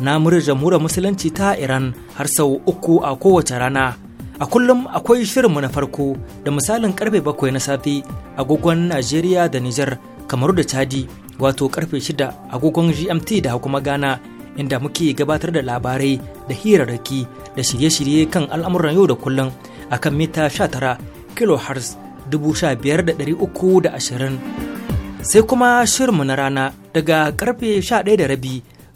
na murar jamhuriyar musulunci ta Iran har sau uku a kowace rana. A kullum akwai shirinmu na farko da misalin karfe bakwai na safe agogon Najeriya da Nijar kamar da Chadi wato karfe shida agogon GMT da kuma Ghana inda muke gabatar da labarai da hirarraki da shirye-shirye kan al'amuran yau da kullum akan mita sha tara dubu biyar uku da ashirin, sai kuma shirinmu na rana daga karfe sha ɗaya da rabi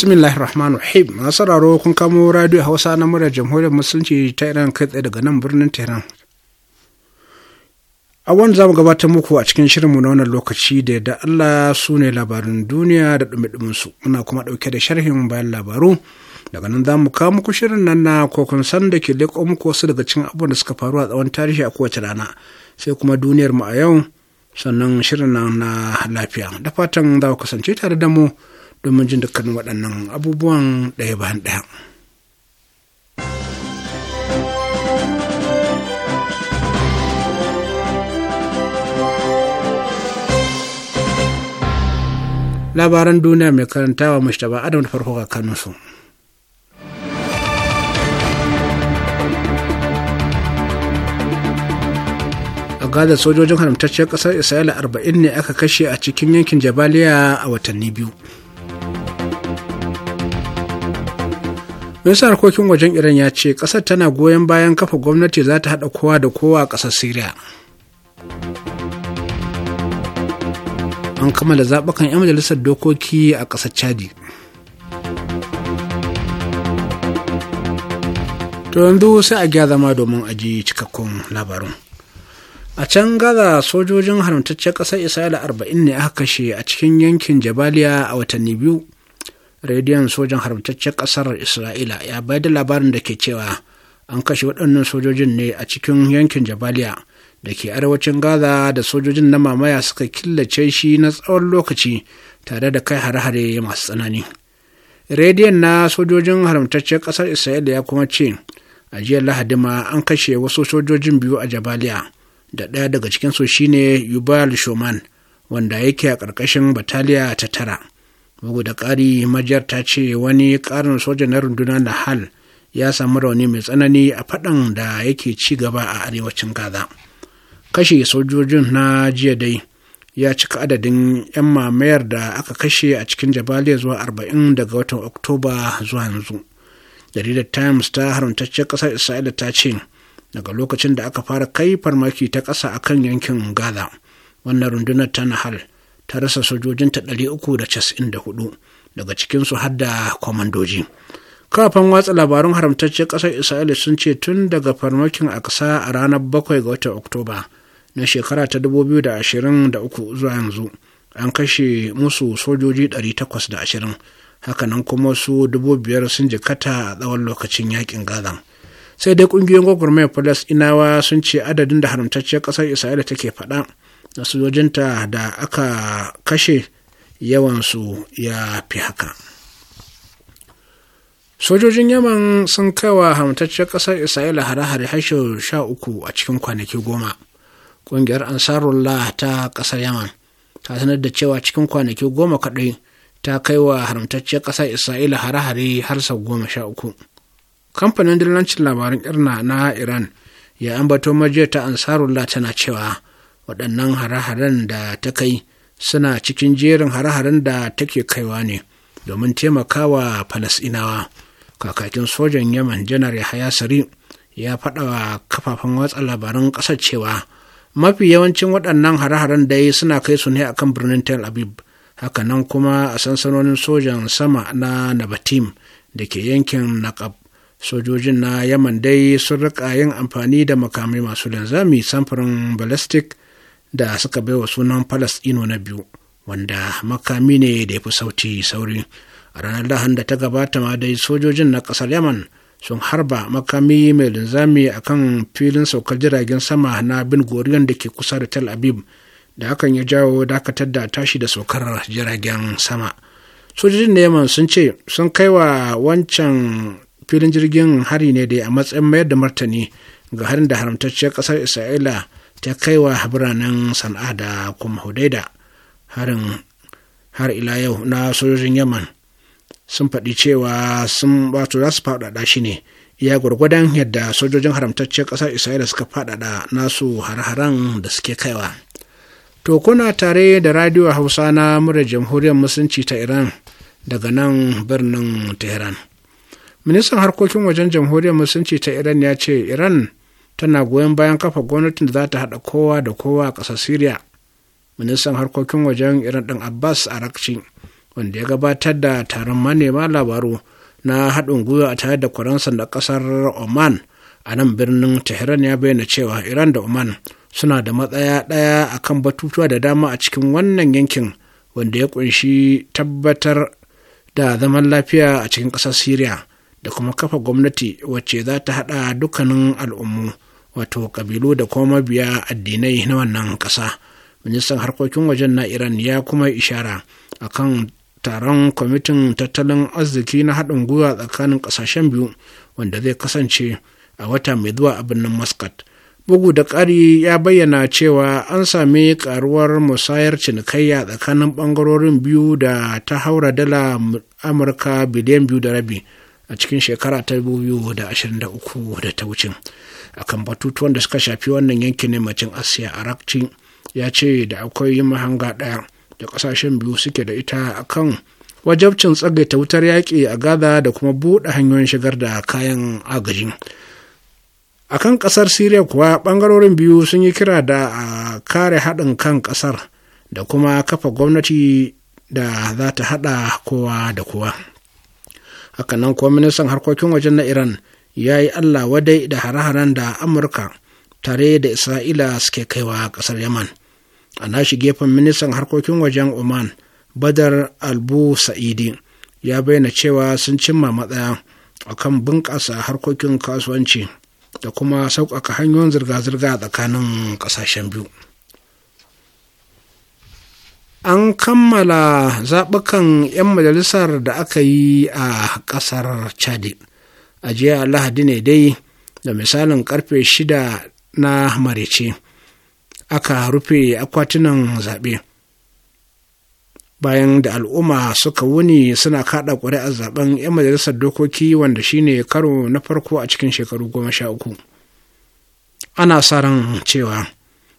bismillahirrahmanirrahim na sauraro kun kamo radio hausa na murar jamhuriyar musulunci ta iran kai tsaye daga nan birnin tehran a wani zamu gabata muku a cikin shirinmu na wannan lokaci da da allah su ne labarin duniya da dumi su muna kuma ɗauke da sharhin bayan labaru daga nan za mu kawo muku shirin nan na kokon san da ke leƙo muku wasu daga cikin abubuwan da suka faru a tsawon tarihi a kowace rana sai kuma duniyar mu a yau sannan shirin nan na lafiya da fatan za ku kasance tare da mu domin jin dukkanin waɗannan abubuwan ɗaya bayan ɗaya. labaran duniya mai karantawa taba adam da farko ga su a gaza sojojin haramtacciyar ƙasar isra'ila 40 ne aka kashe a cikin yankin jabaliya a watanni biyu Ministan harkokin wajen Iran ya ce ƙasar tana goyon bayan kafa gwamnati za ta haɗa kowa da kowa a ƙasar Siriya. An kammala zaɓukan 'yan majalisar dokoki a ƙasar Chadi. To yanzu sai a gya zama domin aji cikakkun labarin. A can Gaza sojojin haramtaccen ƙasar Isra'ila arba'in ne aka kashe a cikin yankin Jabaliya a watanni biyu. rediyon sojan haramtaccen ƙasar isra'ila ya bayar da labarin da ke cewa an kashe waɗannan sojojin ne a cikin yankin jabaliya da ke arewacin gaza da sojojin na mamaya suka killace shi na tsawon lokaci tare da kai hare-hare masu tsanani rediyon na sojojin haramtaccen ƙasar isra'ila ya kuma ce a jiya lahadi ma an kashe wasu sojojin biyu a jabaliya da ɗaya daga cikinsu shine yubal shoman wanda yake a ƙarƙashin bataliya ta tara bugu da ƙari majiyar ta ce wani ƙarin soja na runduna na hal ya samu rauni mai tsanani a faɗan da yake ci gaba a arewacin gaza kashe sojojin na jiya dai ya cika adadin 'yan mamayar da aka kashe a cikin jabaliya zuwa 40 daga watan oktoba zuwa yanzu jaridar times ta haramtacciyar ƙasar isra'ila ta ce daga lokacin da aka fara kai farmaki ta ƙasa akan yankin gaza wannan rundunar ta nahal ta rasa sojojinta hudu daga cikinsu har da kwamandoji kafin watsa labarun haramtacciyar ƙasar isra'ila sun ce tun daga farmakin aksa a ranar bakwai ga watan oktoba na shekara ta dubu da da ashirin uku zuwa yanzu an kashe musu sojoji takwas da ashirin hakanan kuma su biyar sun jikata a tsawon lokacin yakin gaza sai dai ƙungiyoyin gwagwarmaya falasɗinawa sun ce adadin da haramtacciyar ƙasar isra'ila take faɗa na sojojinta da aka kashe yawansu ya fi haka sojojin yaman sun kawa hamtaccen ƙasar isra'ila hare-hare hashe sha uku a cikin kwanaki goma ƙungiyar ansarullah ta ƙasar yaman ta sanar da cewa cikin kwanaki goma kaɗai ta kaiwa wa haramtacciyar ƙasar isra'ila hare-hare har sau goma sha uku kamfanin dillancin labaran irna na iran ya ambato majiyar ta ansarullah tana cewa waɗannan hare-haren da ta kai suna cikin jerin hare-haren da take kaiwa ne domin taimakawa falasinawa kakakin sojan yaman janar yahaya sari ya faɗa wa kafafen watsa labaran ƙasar cewa mafi yawancin waɗannan hare-haren dai suna kai su ne akan birnin tel aviv hakanan kuma a sansanonin sojan sama na nabatim da ke yankin naqab sojojin na yaman dai sun riƙa yin amfani da makamai masu linzami samfurin ballistic da suka baiwa sunan Falasɗino na biyu wanda makami ne da ya fi sauti sauri. A ranar Lahan da ta gabata ma dai sojojin na ƙasar Yaman sun harba makami mai linzami a kan filin saukar jiragen sama na Bin Gorion da ke kusa da Tel Abib, da hakan ya jawo dakatar da tashi da saukar jiragen sama. Sojojin na Yaman sun ce sun kai wa wancan filin jirgin hari ne dai a matsayin mayar da martani ga harin da haramtacciyar ƙasar Isra'ila ta kaiwa biranen sana'a da kuma hudaida harin har ila yau na sojojin yaman sun faɗi cewa sun wato za su faɗaɗa shi ne iya gwargwadon yadda sojojin haramtacciyar ƙasar isra'ila suka faɗaɗa nasu har-haren da suke kaiwa to kuna tare da radio hausa na murar jamhuriyar musulunci ta iran daga nan birnin tehran ministan harkokin wajen jamhuriyar musulunci ta iran ya ce iran tana goyon bayan kafa gwamnatin da za ta haɗa kowa da kowa a ƙasar syria ministan harkokin wajen iran ɗin abbas arakci wanda ya gabatar da taron manema labaru na haɗin gwiwa a tare da kwaransa da ƙasar oman a nan birnin tehran ya bayyana cewa iran da oman suna da matsaya ɗaya a kan batutuwa da dama a cikin wannan yankin wanda ya ƙunshi tabbatar da zaman lafiya a cikin ƙasar siriya da kuma kafa gwamnati wacce za ta haɗa dukkanin al'ummu wato kabilu da kuma mabiya addinai na wannan ƙasa ministan harkokin wajen na iran ya kuma ishara a kan taron kwamitin tattalin arziki na haɗin gwiwa tsakanin ƙasashen biyu wanda zai kasance a wata mai zuwa a birnin muscat bugu da ƙari ya bayyana cewa an sami ƙaruwar musayar cinikayya tsakanin ɓangarorin biyu da ta haura dala amurka biliyan biyu da rabi a cikin shekara ta 2023 da ta wucin akan batutuwan da suka shafi wannan yankin macin asiya arakci ya ce da akwai mahanga ɗaya da ƙasashen biyu suke da ita akan wajabcin tsagaita wutar yaƙi a gaza da kuma buɗe hanyoyin shigar da kayan agaji a kan ƙasar syria kuwa ɓangarorin biyu sun yi kira da a kare haɗin kan ƙasar da kuma kafa gwamnati da za ta haɗa kowa da kowa hakanan kuwa ministan harkokin wajen na iran ya yi allah wadai da hare-haren da amurka tare da isra'ila suke kaiwa ƙasar yaman a nashi gefen ministan harkokin wajen oman badar albu sa'idi ya bayyana cewa sun cimma matsaya a kan bunƙasa harkokin kasuwanci da kuma sauƙaƙa hanyoyin zirga-zirga tsakanin ƙasashen biyu an kammala zaɓukan 'yan majalisar da aka yi a ƙasar chadi a jiya lahadi ne dai da misalin karfe shida na marece aka rufe akwatunan zaɓe bayan da al'umma suka wuni suna kaɗa ƙuri'ar zaben 'yan majalisar dokoki wanda shine karo na farko a cikin shekaru goma sha uku ana sa ran cewa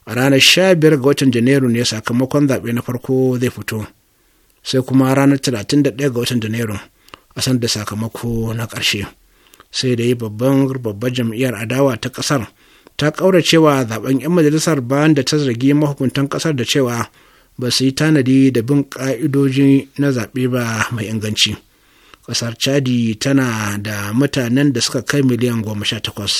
a ranar sha biyar ga watan janairu ne sakamakon zaɓe na farko zai fito sai kuma ranar talatin da ɗaya ga watan janairu a san da sakamako na ƙarshe. sai da yi babban babbar jam'iyyar adawa ta kasar ta kaura cewa zaben 'yan majalisar bayan da ta zargi mahukuntan kasar da cewa ba su yi tanadi da bin ka'idoji na zaɓe ba mai inganci kasar chadi tana da mutanen da suka kai miliyan goma sha takwas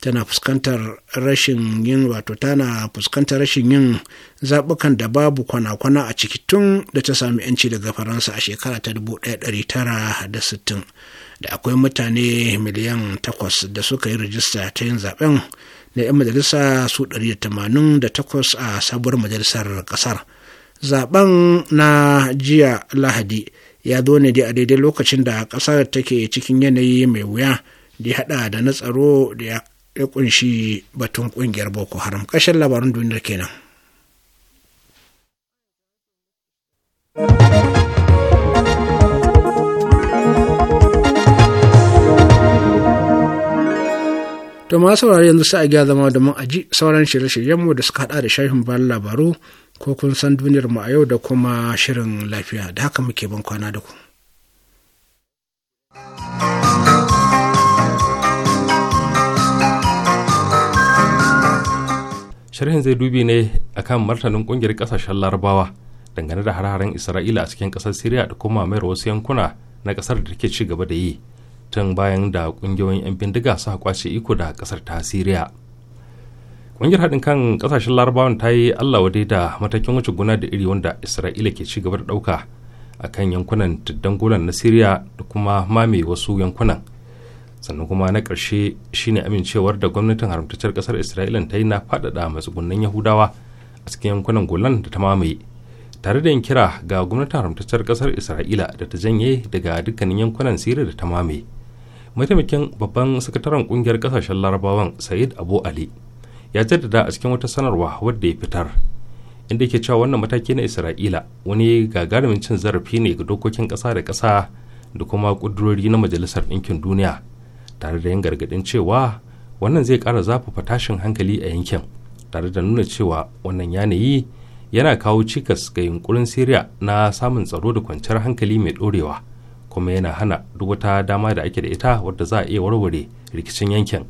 tana fuskantar rashin yin wato tana fuskantar rashin yin zaɓukan da babu kwana-kwana a ciki tun da ta sami yanci daga faransa a shekara ta 1960 da akwai mutane miliyan takwas da suka yi rajista ta yin zaben da 'yan majalisa su 188 a sabuwar majalisar ƙasar zaben na jiya lahadi ya zo ne a daidai lokacin da ƙasar take cikin yanayi mai wuya da ya haɗa da na tsaro da ya kunshi batun kungiyar boko haram kashin labarin duniyar kenan To ma saurari yanzu sai a zama da a ji sauran shirye-shiryenmu da suka hada da shafin bayan labaru ko kun san duniyar mu a yau da kuma shirin lafiya da haka muke ban kwana da ku. sharhin zai dubi ne akan martanin kungiyar kasashen larabawa dangane da har isra'ila a cikin kasar syria da kuma mayar wasu yankuna na kasar da take ci gaba da yi tun bayan da kungiyoyin 'yan bindiga su kwace iko da kasar ta syria kungiyar haɗin kan kasashen larabawan ta yi allah wadai da matakin wuce guna da iri wanda isra'ila ke ci gaba da ɗauka a kan yankunan tuddan golan na syria da kuma mame wasu yankunan sannan kuma na ƙarshe shine amincewar da gwamnatin haramtacciyar ƙasar isra'ila ta yi na faɗaɗa matsugunan yahudawa a cikin yankunan golan da ta mamaye tare da yin kira ga gwamnatin haramtacciyar ƙasar isra'ila da ta janye daga dukkanin yankunan siriya da ta mamaye mataimakin babban sakataren ƙungiyar ƙasashen larabawan sayid abu ali ya jaddada a cikin wata sanarwa wadda ya fitar inda ke cewa wannan mataki na isra'ila wani gagarumin cin zarafi ne ga dokokin ƙasa da ƙasa da kuma ƙudurori na majalisar ɗinkin duniya tare da yan gargadin cewa wannan zai kara zafafa tashin hankali a yankin tare da nuna cewa wannan yanayi yana kawo cikas ga yunkurin Siriya na samun tsaro da kwanciyar hankali mai dorewa kuma yana hana duk wata dama da ake da ita wadda za a iya warware rikicin yankin.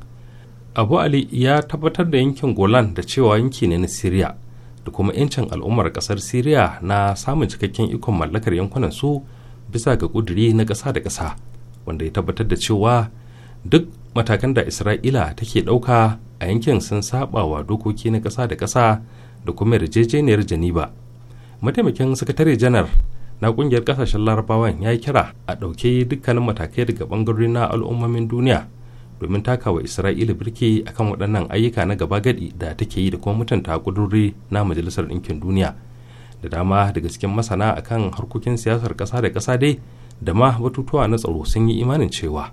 Abu Ali ya tabbatar da yankin Golan da cewa yanki ne na Siriya da kuma 'yancin al'ummar kasar Siriya na samun cikakken ikon mallakar yankunan su bisa ga kuduri na ƙasa da ƙasa wanda ya tabbatar da cewa duk matakan da isra'ila take ɗauka a yankin sun saba wa dokoki na ƙasa da ƙasa da kuma yarjejeniyar janiba mataimakin sakatare janar na ƙungiyar ƙasashen larabawan ya kira a ɗauke dukkanin matakai daga ɓangarori na al'ummomin duniya domin takawa isra'ila birki akan waɗannan ayyuka na gaba gadi da take yi da kuma mutunta ƙudurri na majalisar ɗinkin duniya da dama daga cikin masana akan harkokin siyasar ƙasa da ƙasa dai da ma batutuwa na tsaro sun yi imanin cewa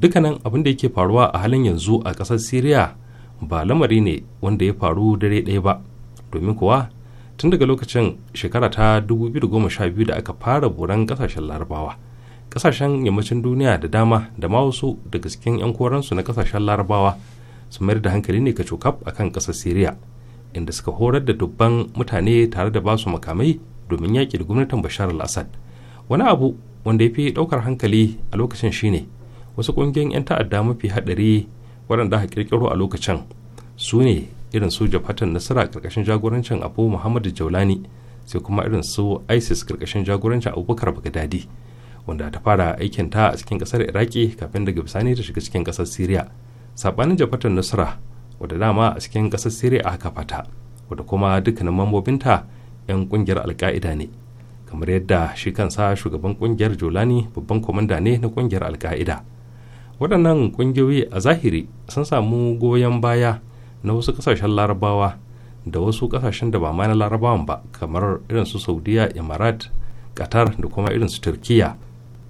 dukkanin abin da yake faruwa a halin yanzu a ƙasar syria ba lamari ne wanda ya faru dare ɗaya ba domin kuwa tun daga lokacin shekara ta 2012 da aka fara buran ƙasashen larabawa ƙasashen yammacin duniya da dama da ma wasu daga cikin 'yan koransu na ƙasashen larabawa su mayar da hankali ne ka cokaf a kan ƙasar syria inda suka horar da dubban mutane tare da basu makamai domin yaƙi da gwamnatin bashar al-assad wani abu wanda ya fi ɗaukar hankali a lokacin shine wasu ƙungiyoyin 'yan ta'adda mafi haɗari waɗanda aka ƙirƙiro a lokacin su ne irin su jafatan nasara ƙarƙashin jagorancin abu muhammadu jaulani sai kuma irin su isis ƙarƙashin jagorancin abubakar bagadadi wanda ta fara aikin ta a cikin ƙasar iraki kafin daga bisani ta shiga cikin ƙasar syria saɓanin jafatan nasara wadda dama a cikin ƙasar syria aka fata wadda kuma dukkanin mambobinta 'yan ƙungiyar alka'ida ne kamar yadda shi kansa shugaban ƙungiyar jolani babban kwamanda ne na ƙungiyar alka'ida waɗannan ƙungiyoyi a zahiri sun samu goyon baya na wasu ƙasashen larabawa da wasu ƙasashen da ba ma na larabawan ba kamar irin su saudiya imarat qatar da kuma irin su turkiya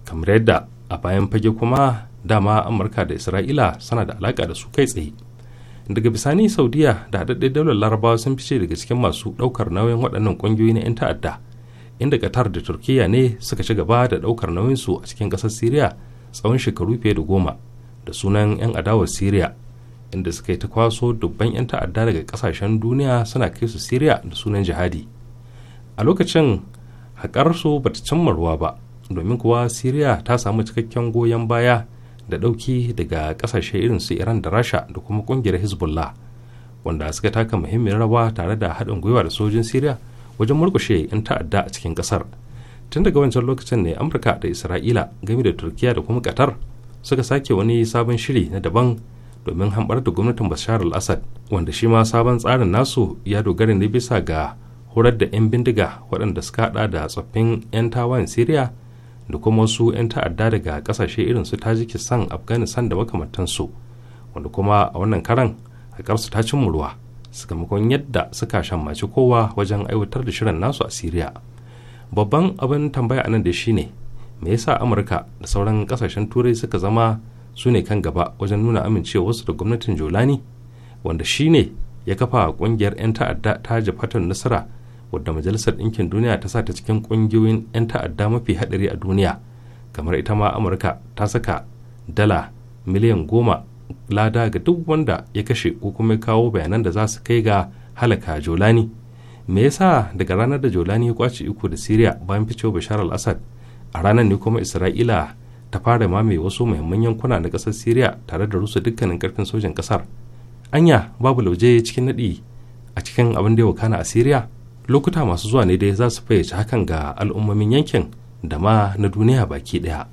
kamar yadda a bayan fage kuma dama amurka da isra'ila suna da alaƙa da su kai tsaye daga bisani saudiya da haɗaɗɗen daular larabawa sun fice daga cikin masu ɗaukar nauyin waɗannan ƙungiyoyi na 'yan ta'adda inda qatar da turkiya ne suka ci gaba da ɗaukar nauyinsu a cikin ƙasar syria tsawon shekaru fiye da goma da sunan 'yan adawar syria inda suka yi ta kwaso dubban 'yan ta'adda daga kasashen duniya suna kai su syria da sunan jihadi a lokacin haƙarsu ba ta cimma ruwa ba domin kuwa syria ta samu cikakken goyon baya da ɗauki daga ƙasashe irin su iran da rasha da kuma ƙungiyar hezbollah wanda suka taka muhimmin rawa tare da haɗin gwiwa da sojin syria wajen murkushe 'yan ta'adda a cikin ƙasar tun daga wancan lokacin ne amurka da isra'ila game da turkiya da kuma qatar suka sake wani sabon shiri na daban domin hambar da gwamnatin bashar al-assad wanda shi ma sabon tsarin nasu ya dogara ne bisa ga horar da 'yan bindiga waɗanda suka haɗa da tsoffin 'yan tawayen syria da kuma wasu 'yan ta'adda daga ƙasashe irin su tajikistan afghanistan da makamantansu wanda kuma a wannan karan su ta cin ruwa sakamakon yadda suka shammaci kowa wajen aiwatar da shirin nasu a syria babban abin tambaya a nan da shi ne me yasa amurka da sauran kasashen turai suka zama su ne kan gaba wajen nuna amincewa amincewarsu da gwamnatin jolani wanda shi ne ya kafa kungiyar 'yan ta'adda ta jafatan nasara wadda majalisar ɗinkin duniya ta sa ta cikin ƙungiyoyin 'yan ta'adda mafi haɗari a duniya kamar ita ma amurka ta saka dala miliyan goma lada ga duk wanda ya kashe ko kuma kawo bayanan da za su kai ga halaka jolani me yasa daga ranar da jolani ya kwace uku da syria bayan ficewa bashar al-assad a ranar ne kuma isra'ila ta fara mamaye wasu muhimman yankuna na kasar syria tare da rusa dukkanin karfin sojan ƙasar anya babu lauje cikin nadi a cikin abin da ya wakana a syria lokuta masu zuwa ne dai za su fayyace hakan ga al'ummomin yankin da ma na duniya baki ɗaya.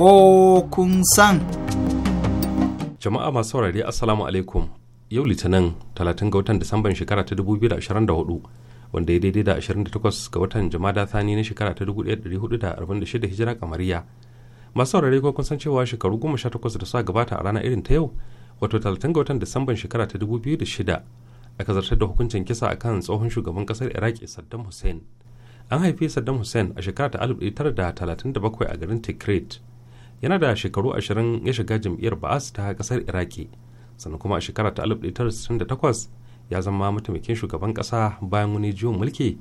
ko kun san. Jama'a masu saurari Assalamu alaikum yau litinin 30 ga watan Disamban shekara ta 2024 wanda ya daidai da 28 ga watan Jumada Thani na shekara ta 1446 hijira kamariya. Masu saurari ko kun san cewa shekaru 18 da suka gabata a rana irin ta yau wato 30 ga watan Disamban shekara ta 2006 aka zartar da hukuncin kisa akan tsohon shugaban kasar Iraki Saddam Hussein. An haifi Saddam Hussein a shekara ta 1937 a garin Tikrit. yana da shekaru ashirin ya shiga jam'iyyar ba'as ta kasar iraki sannan kuma a shekara ta 1968 ya zama mataimakin shugaban kasa bayan wani jiwon mulki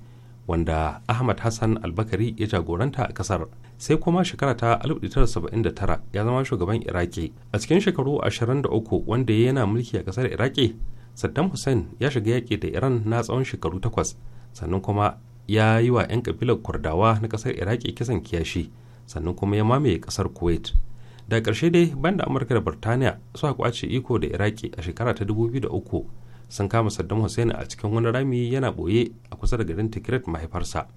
wanda ahmad hassan albakari ya jagoranta a kasar sai kuma shekara ta 1979 ya zama shugaban iraki a cikin shekaru ashirin 23 wanda ya yana mulki a kasar iraki saddam hussein ya shiga yaƙi da iran na tsawon shekaru takwas sannan kuma ya yi wa 'yan kabilar kurdawa na kasar iraki kisan kiyashi sannan kuma ya mamaye kasar kuwait da ƙarshe dai banda amurka da birtaniya suka kwace iko da iraki a shekara ta 2003 sun kama saddam hussein a cikin wani rami yana boye a kusa da garin tikrit mahaifarsa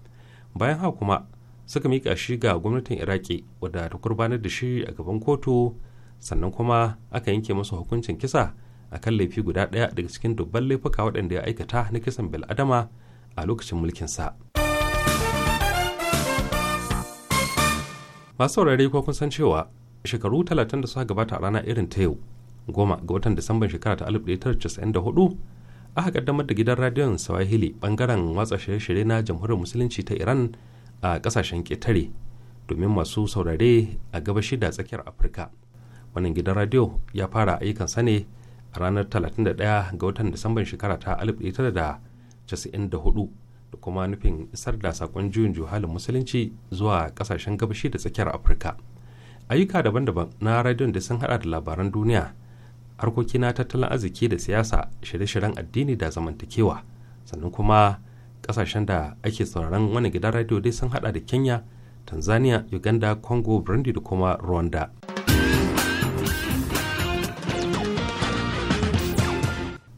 bayan haka kuma suka mika shi ga gwamnatin iraki wadda ta gurbanar da shi a gaban kotu sannan kuma aka yanke masa hukuncin kisa a kan laifi guda daya daga cikin dubban laifuka waɗanda ya aikata na kisan bil'adama a lokacin mulkinsa. sa masu saurari ko kun san cewa shekaru talatin da suka gabata a rana irin ta yau goma ga watan disamban shekara ta 1994 aka kaddamar da gidan radiyon swahili bangaren watsa shirye-shirye na jamhuriyar musulunci ta iran a kasashen ketare domin masu saurare a gabashi da tsakiyar afirka wannan gidan radiyo ya fara ayyukansa ne a ranar 31 ga watan disamban shekara ta 1994 da kuma nufin isar da sakon juyin juhalin musulunci zuwa kasashen gabashi da tsakiyar afirka ayyuka daban-daban na radiyon da sun hada da labaran duniya harkoki na tattalin arziki da siyasa shirye-shiryen addini da zamantakewa sannan kuma kasashen da ake sauraron wani gidan radiyo dai sun hada da kenya tanzania uganda congo burundi da kuma rwanda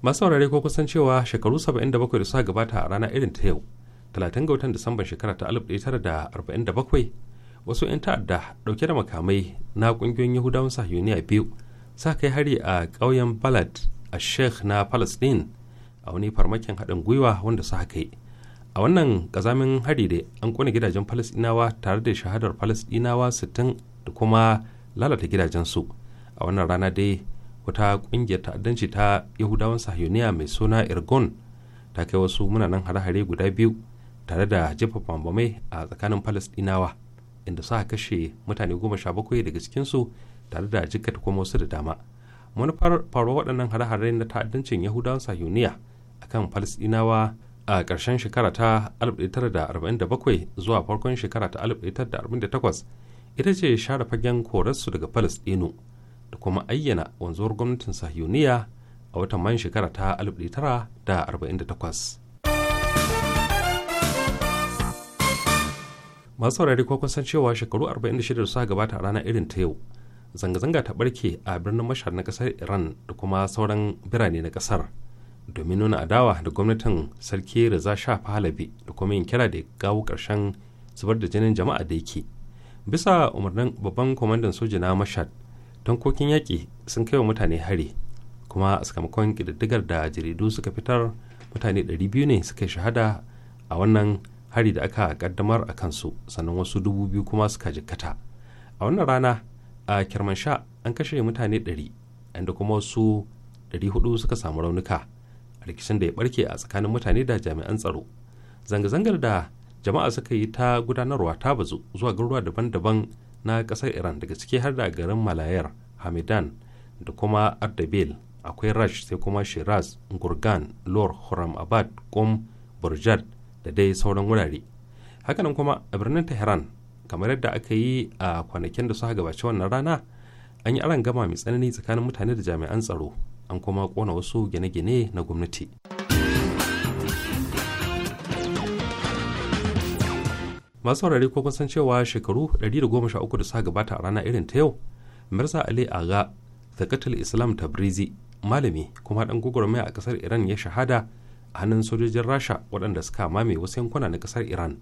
masu saurare ko kusan cewa shekaru 77 da suka gabata a rana irin ta yau 30 ga watan disamban shekara ta 1947 wasu 'yan ta'adda dauke da makamai na kungiyoyin yahudawan sahiyoniya biyu sa kai hari a ƙauyen balad a sheikh na palestine a wani farmakin haɗin gwiwa wanda su haka yi a wannan ƙazamin hari da an ƙone gidajen palestinawa tare da shahadar palestinawa 60 da kuma lalata gidajensu a wannan rana dai wata ƙungiyar ta'addanci ta yahudawan sahiyoniya mai suna irgun ta kai wasu munanan hare-hare guda biyu tare da jefa bambamai a tsakanin palestinawa inda suka kashe mutane goma sha bakwai daga cikinsu tare da jikkata kuma wasu da dama manufar faruwa waɗannan hare-hare na ta'addancin yahudawan sahiyoniya kan palestinawa a ƙarshen shekara ta 1947 zuwa farkon shekara ta 1948 ita ce share fagen korarsu daga palestino da kuma ayyana wanzuwar gwamnatin sahiyuniya a watan mayan shekara ta 1948 masu saurari kwakwan san cewa shekaru 46 suka gabata a rana irin ta yau zanga-zanga ta barke a birnin mashar na kasar iran da kuma sauran birane na kasar domin nuna adawa da gwamnatin sarki Reza sha da kuma yin kira da gawo karshen zubar da jinin jama'a da yake. Bisa umarnin babban kwamandan soja na Mashad, tankokin yaƙi sun kai wa mutane hari kuma sakamakon ƙididdigar da jaridu suka fitar mutane 200 ne suka shahada a wannan hari da aka kaddamar a kansu sannan wasu dubu biyu kuma suka jikkata a wannan rana a kirmansha an kashe mutane 100 inda kuma wasu 400 suka samu raunuka a rikicin da ya barke a tsakanin mutane da jami'an tsaro zanga-zangar da jama'a suka yi ta gudanarwa ta bazu zuwa garuruwa daban-daban na kasar iran daga ciki har da garin malayar hamidan da kuma ardabil akwai rash sai kuma shiraz gurgan lor abad kum burjad da dai sauran wurare hakanan kuma a birnin tehran kamar yadda aka yi a kwanakin da suka gabaci wannan rana an yi aran gama mai tsanani tsakanin mutane da jami'an tsaro an kuma kona wasu gine-gine na gwamnati. masu saurare ko kun san cewa shekaru 113 da suka gabata a rana irin ta yau mirza ali aga zakatul islam tabrizi malami kuma dan gwagwarmaya a kasar iran ya shahada a hannun sojojin rasha waɗanda suka mame wasu yankuna na kasar iran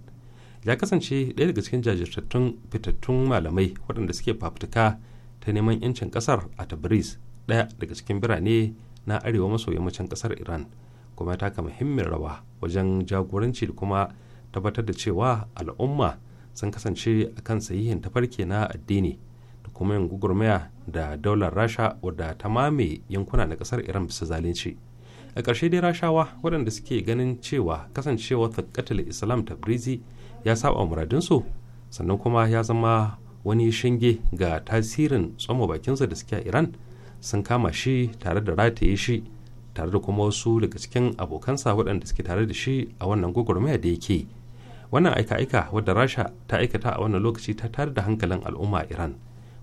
ya kasance ɗaya daga cikin jajirtattun fitattun malamai waɗanda suke fafutuka ta neman yancin kasar a tabriz ɗaya daga cikin birane na arewa maso yammacin kasar iran kuma taka muhimmin rawa wajen jagoranci da kuma tabbatar da cewa al'umma sun kasance a kan sahihin tafarki na addini da kuma yin gugurmaya da daular rasha wadda ta mame yankuna na kasar iran bisa zalunci a ƙarshe dai rashawa waɗanda suke ganin cewa kasancewa taƙatul islam tabrizi ya saba muradinsu sannan kuma ya zama wani shinge ga tasirin tsoma bakinsa da suke a iran sun kama shi tare da rataye shi tare da kuma wasu daga cikin abokansa waɗanda suke tare da shi a wannan gwagwarmaya da yake yi wannan aika-aika wadda rasha ta aikata a wannan lokaci ta tare da hankalin al'umma iran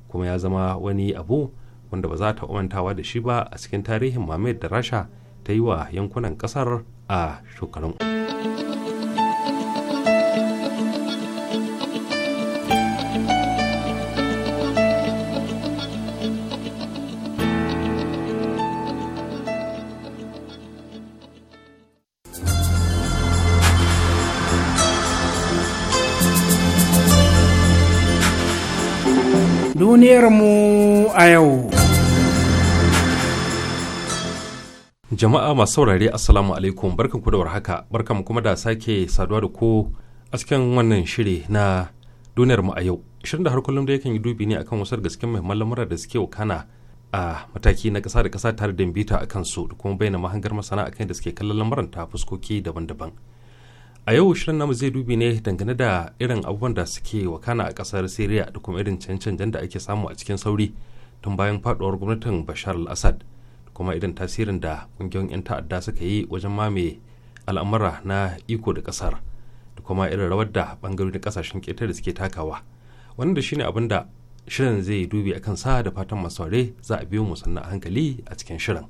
kuma ya zama wani abu wanda ba za ta umantawa da shi ba a cikin tarihin mamayar da rasha ta yi wa yankunan kasar a shekarun mu a yau. Jama'a masu saurare Assalamu alaikum barkanku da warhaka mu kuma da sake saduwa da ku a cikin wannan shiri na duniyarmu a yau. Shirin da har kullum da yakan yi dubi ne akan wasu cikin muhimman lamura da suke wakana a mataki na ƙasa da kasa tare da bita a kansu da kuma bayyana mahangar masana akan da suke kallon lamuran ta fuskoki daban-daban. a yau shirin namu zai dubi ne dangane da irin abubuwan da suke wakana a kasar syria da kuma irin cancanjan da ake samu a cikin sauri tun bayan faduwar gwamnatin bashar al-assad da kuma irin tasirin da kungiyoyin 'yan ta'adda suka yi wajen mame al'amura na iko da kasar da kuma irin rawar da bangarorin kasashen ƙetare suke takawa wannan da shine abin da shirin zai dubi akan sa da fatan masu za a biyo mu sannan hankali a cikin shirin.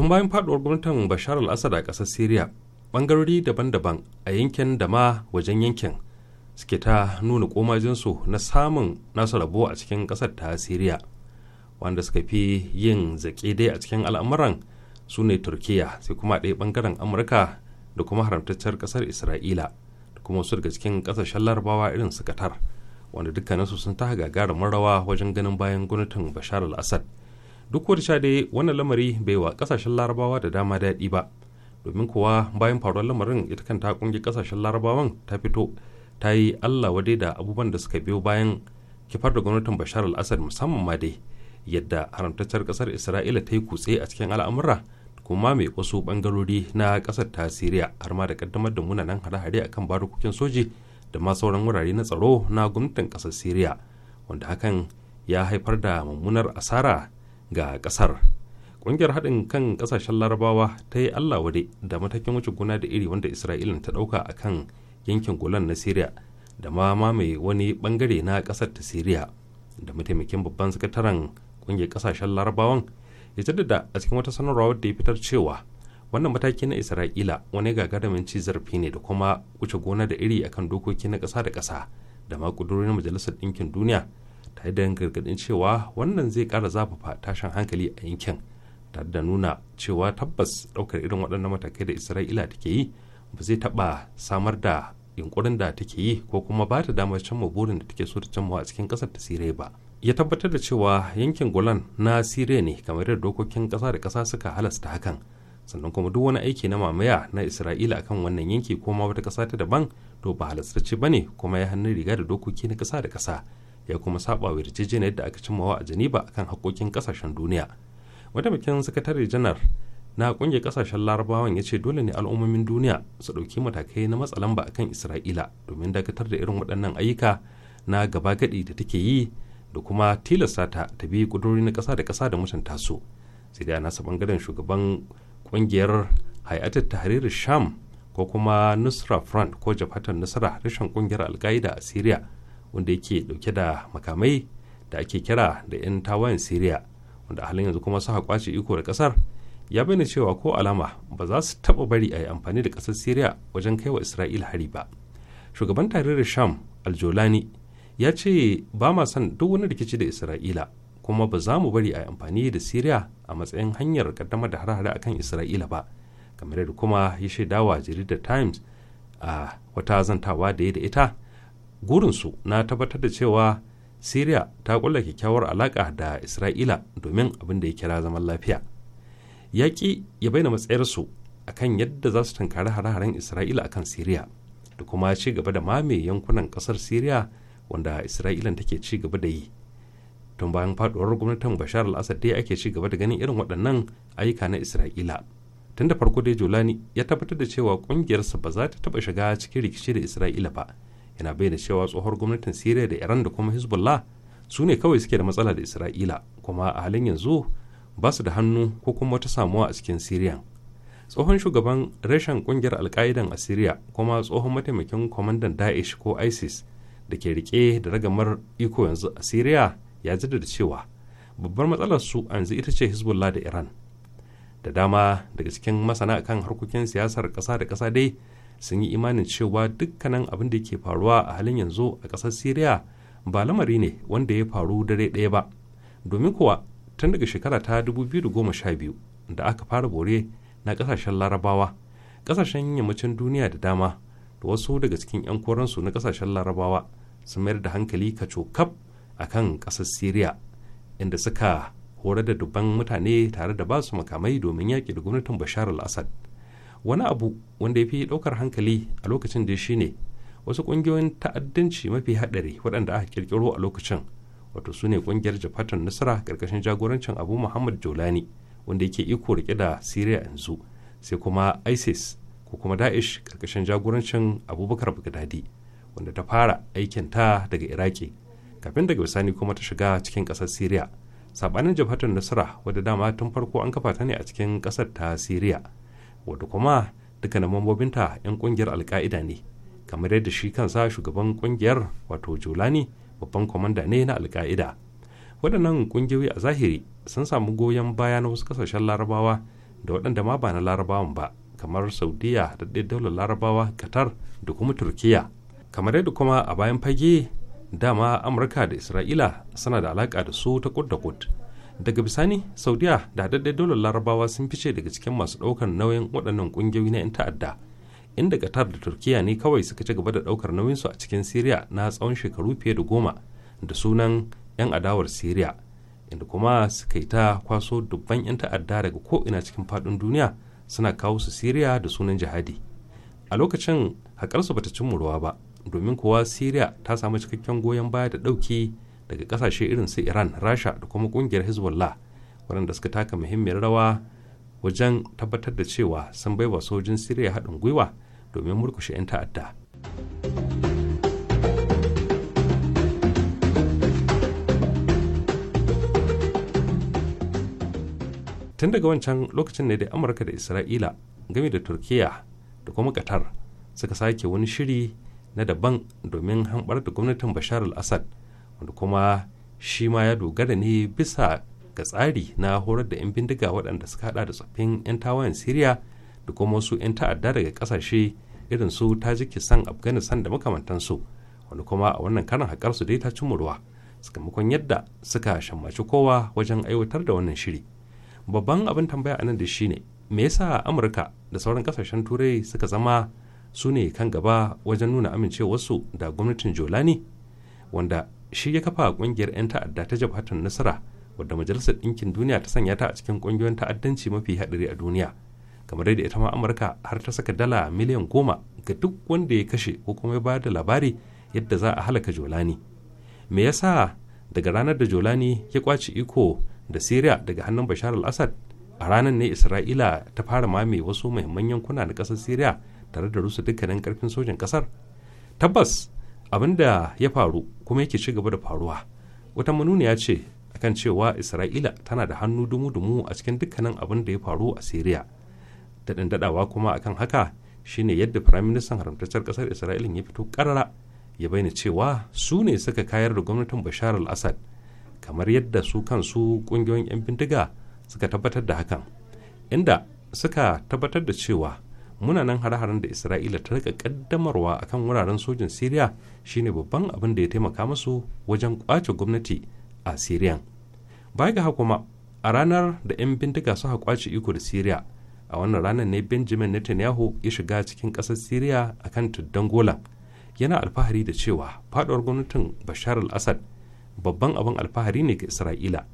tun bayan faduwar gwamnatin bashar al-assad a kasar syria bangarori daban-daban a yankin da ma wajen yankin suke ta nuna jinsu na samun nasu rabo a cikin kasar ta syria wanda suka fi yin zaƙe dai a cikin al'amuran su ne turkiya sai kuma ɗaya bangaren amurka da kuma haramtacciyar kasar isra'ila da kuma wasu daga cikin ƙasashen larabawa irin su qatar wanda dukkaninsu sun ta gagarumin rawa wajen ganin bayan gwamnatin bashar al-assad duk wata sha dai wannan lamari bai wa kasashen larabawa da dama daɗi ba domin kuwa bayan faruwar lamarin ita kanta kungiyar kasashen larabawan ta fito ta yi allah wadai da abubuwan da suka biyo bayan kifar da gwamnatin bashar al-assad musamman ma dai yadda haramtaccen kasar isra'ila ta yi kutse a cikin al'amura kuma mai wasu bangarori na kasar ta siriya har ma da kaddamar da munanan hare-hare akan barukukin soji da ma sauran wurare na tsaro na gwamnatin kasar siriya wanda hakan ya haifar da mummunar asara ga kasar ƙungiyar haɗin kan ƙasashen larabawa ta yi allah wade da matakin wuce gona da iri wanda isra'ila ta ɗauka a kan yankin golan na syria da ma mamaye wani ɓangare na ƙasar ta syria da mataimakin babban sakataren ƙungiyar ƙasashen larabawan ya jaddada a cikin wata sanarwa wadda ya fitar cewa wannan mataki na isra'ila wani gagarumin ci zarafi ne da kuma wuce gona da iri akan dokoki na ƙasa da ƙasa da ma ƙudurorin majalisar ɗinkin duniya tare da gargadin cewa wannan zai kara zafafa tashin hankali a yankin tare da nuna cewa tabbas daukar irin waɗannan matakai da isra'ila take yi ba zai taɓa samar da yunkurin da take yi ko kuma ba ta damar cimma burin da take so ta cimma a cikin ƙasar ta sirai ba ya tabbatar da cewa yankin golan na sirai ne kamar yadda dokokin ƙasa da kasa suka halasta hakan sannan kuma duk wani aiki na mamaya na isra'ila akan wannan yanki ko ma wata ƙasa ta daban to ba halastacce ba ne kuma ya hannun riga da dokoki na kasa da kasa. ya kuma saba wa yarjejeniyar da aka cimmawa a Geneva akan haƙoƙin ƙasashen duniya. Mataimakin sakatare janar na ƙungiyar ƙasashen larabawan ya ce dole ne al'ummomin duniya su ɗauki matakai na matsa lamba akan Isra'ila domin dakatar da irin waɗannan ayyuka na gaba gadi da take yi da kuma tilasta ta ta bi ƙudurori na ƙasa da ƙasa da mutunta su. Sai da a nasa ɓangaren shugaban ƙungiyar hayatar tahrir sham ko kuma nusra front ko jabhatar nasara rashen ƙungiyar alƙa'ida a syria wanda yake dauke da makamai da ake kira da 'yan tawayen syria wanda halin yanzu kuma suka kwace iko da kasar ya bayyana cewa ko alama ba za su taba bari a yi amfani da kasar siriya wajen kai wa isra'il hari ba shugaban tarayyar sham aljolani ya ce ba ma son duk wani rikici da isra'ila kuma ba za mu bari a yi amfani da siriya a matsayin hanyar kaddamar da hare-hare akan isra'ila ba kamar da kuma ya shaidawa jaridar times a wata zantawa da ya da ita gurinsu na tabbatar da cewa syria ta kulla kyakkyawar alaka da Isra'ila domin abin da ya kira zaman lafiya. Yaƙi ya bayyana matsayarsu a kan yadda za su tankari hare-haren Isra'ila akan syria da kuma ci gaba da mame yankunan ƙasar syria wanda Isra'ilan take ci gaba da yi. Tun bayan faduwar gwamnatin Bashar al-Assad dai ake ci gaba da ganin irin waɗannan ayyuka na Isra'ila. Tun da farko dai Jolani ya tabbatar da cewa ƙungiyarsa ba za ta taɓa shiga cikin rikici da Isra'ila ba. yana bayyana cewa tsohuwar gwamnatin siriya da iran da kuma hezbollah su ne kawai suke da matsala da isra'ila kuma a halin yanzu ba su da hannu ko kuma wata samuwa a cikin siriyan tsohon shugaban reshen kungiyar alka'idan a siriya kuma tsohon mataimakin kwamandan daesh ko isis da ke rike da ragamar iko yanzu a siriya ya jaddada cewa babbar matsalar su yanzu ita ce hezbollah da iran da dama daga cikin masana kan harkokin siyasar kasa da kasa dai sun yi imanin cewa dukkanin abin da ke faruwa a halin yanzu a ƙasar syria ba lamari ne wanda ya faru dare ɗaya ba domin kuwa tun daga shekara ta 2012 da aka fara bore na ƙasashen larabawa ƙasashen yammacin duniya da dama da wasu daga cikin 'yan koransu na ƙasashen larabawa sun mayar da hankali kacokaf a kan ƙasar syria inda suka horar da dubban mutane tare da basu makamai domin yaƙi da gwamnatin bashar al-assad wani abu wanda ya fi ɗaukar hankali a lokacin da shi ne wasu ƙungiyoyin ta'addanci mafi haɗari waɗanda aka ƙirƙiro a lokacin wato su ne ƙungiyar jafatan nasara ƙarƙashin jagorancin abu muhammad jolani wanda yake iko riƙe da siriya yanzu sai kuma isis ko kuma daesh ƙarƙashin jagorancin abubakar bagdadi wanda ta fara aikin ta daga iraki kafin daga bisani kuma ta shiga cikin ƙasar siriya saɓanin jafatan nasara wadda dama tun farko an kafa ta ne a cikin ƙasar ta siriya wadda kuma dukkanin mambobinta 'yan kungiyar alka'ida ne kamar yadda shi kansa shugaban kungiyar wato julani babban kwamanda ne na alka'ida waɗannan kungiyoyi a zahiri sun samu goyon baya na wasu kasashen larabawa da waɗanda ma ba na larabawan ba kamar saudiya da daular larabawa qatar da kuma turkiya kamar yadda kuma a bayan fage dama amurka da isra'ila suna da alaƙa da su ta kud da kud daga bisani saudiya da haɗaɗɗen dole larabawa sun fice daga cikin masu ɗaukar nauyin waɗannan ƙungiyoyi na 'yan ta'adda inda qatar da turkiya ne kawai suka ci gaba da ɗaukar nauyinsu a cikin siriya na tsawon shekaru fiye da goma da sunan 'yan adawar siriya inda kuma suka yi ta kwaso dubban 'yan ta'adda daga ko'ina cikin faɗin duniya suna kawo su siriya da sunan jihadi a lokacin haƙarsu bata cin ruwa ba domin kuwa siriya ta samu cikakken goyon baya da ɗauki daga kasashe irin su iran rasha da kuma kungiyar hezbollah waɗanda suka taka muhimmiyar rawa wajen tabbatar da cewa sun baiwa sojin siriya haɗin gwiwa domin murkushe 'yan ta'adda tun daga wancan lokacin ne da amurka da isra'ila game da turkiya da kuma qatar suka sake wani shiri na daban domin hanɓar da gwamnatin bashar al-assad wanda kuma shi ma ya dogara ne bisa ga tsari na horar da 'yan bindiga waɗanda suka hada da tsoffin 'yan tawayen siriya da kuma wasu 'yan ta'adda daga ƙasashe irin su tajikistan afghanistan da makamantansu wanda kuma a wannan karin haƙar su dai ta cimurwa murwa sakamakon yadda suka shammaci kowa wajen aiwatar da wannan shiri babban abin tambaya a nan da shi ne me yasa amurka da sauran kasashen turai suka zama su ne kan gaba wajen nuna amincewarsu da gwamnatin jolani wanda shi ya kafa kungiyar 'yan ta'adda ta jabhatan nasara wadda majalisar ɗinkin duniya ta sanya ta a cikin kungiyoyin ta'addanci mafi haɗari a duniya kamar da ita ma amurka har ta saka dala miliyan goma ga duk wanda ya kashe ko kuma ya bayar da labari yadda za a halaka jolani me yasa daga ranar da jolani ya kwace iko da siriya daga hannun bashar al-assad a ranar ne isra'ila ta fara mame wasu muhimman yankuna na ƙasar siriya tare da rusa dukkanin karfin sojin ƙasar tabbas abin da ya faru kuma yake ci gaba da faruwa wata manuniya ce akan cewa isra'ila tana da hannu dumu-dumu a cikin dukkanin abin da ya faru a syria da daɗawa kuma akan haka shine yadda firaministan haramtaccen kasar isra'ila ya fito ƙarara ya bayyana cewa su ne suka kayar da gwamnatin bashar al-assad kamar yadda su kansu ƙungiyoyin 'yan bindiga suka tabbatar da hakan inda suka tabbatar da cewa munanan hare-haren da isra'ila ta rika kaddamarwa akan wuraren sojin syria shine babban abin da ya taimaka musu wajen kwace gwamnati a syria. baya ga kuma a ranar da 'yan bindiga suka kwace iko da syria a wannan ranar ne benjamin netanyahu ya shiga cikin ƙasar syria kan tuddan golan yana alfahari da cewa faɗuwar gwamnatin bashar al-assad babban abin alfahari ne ga isra'ila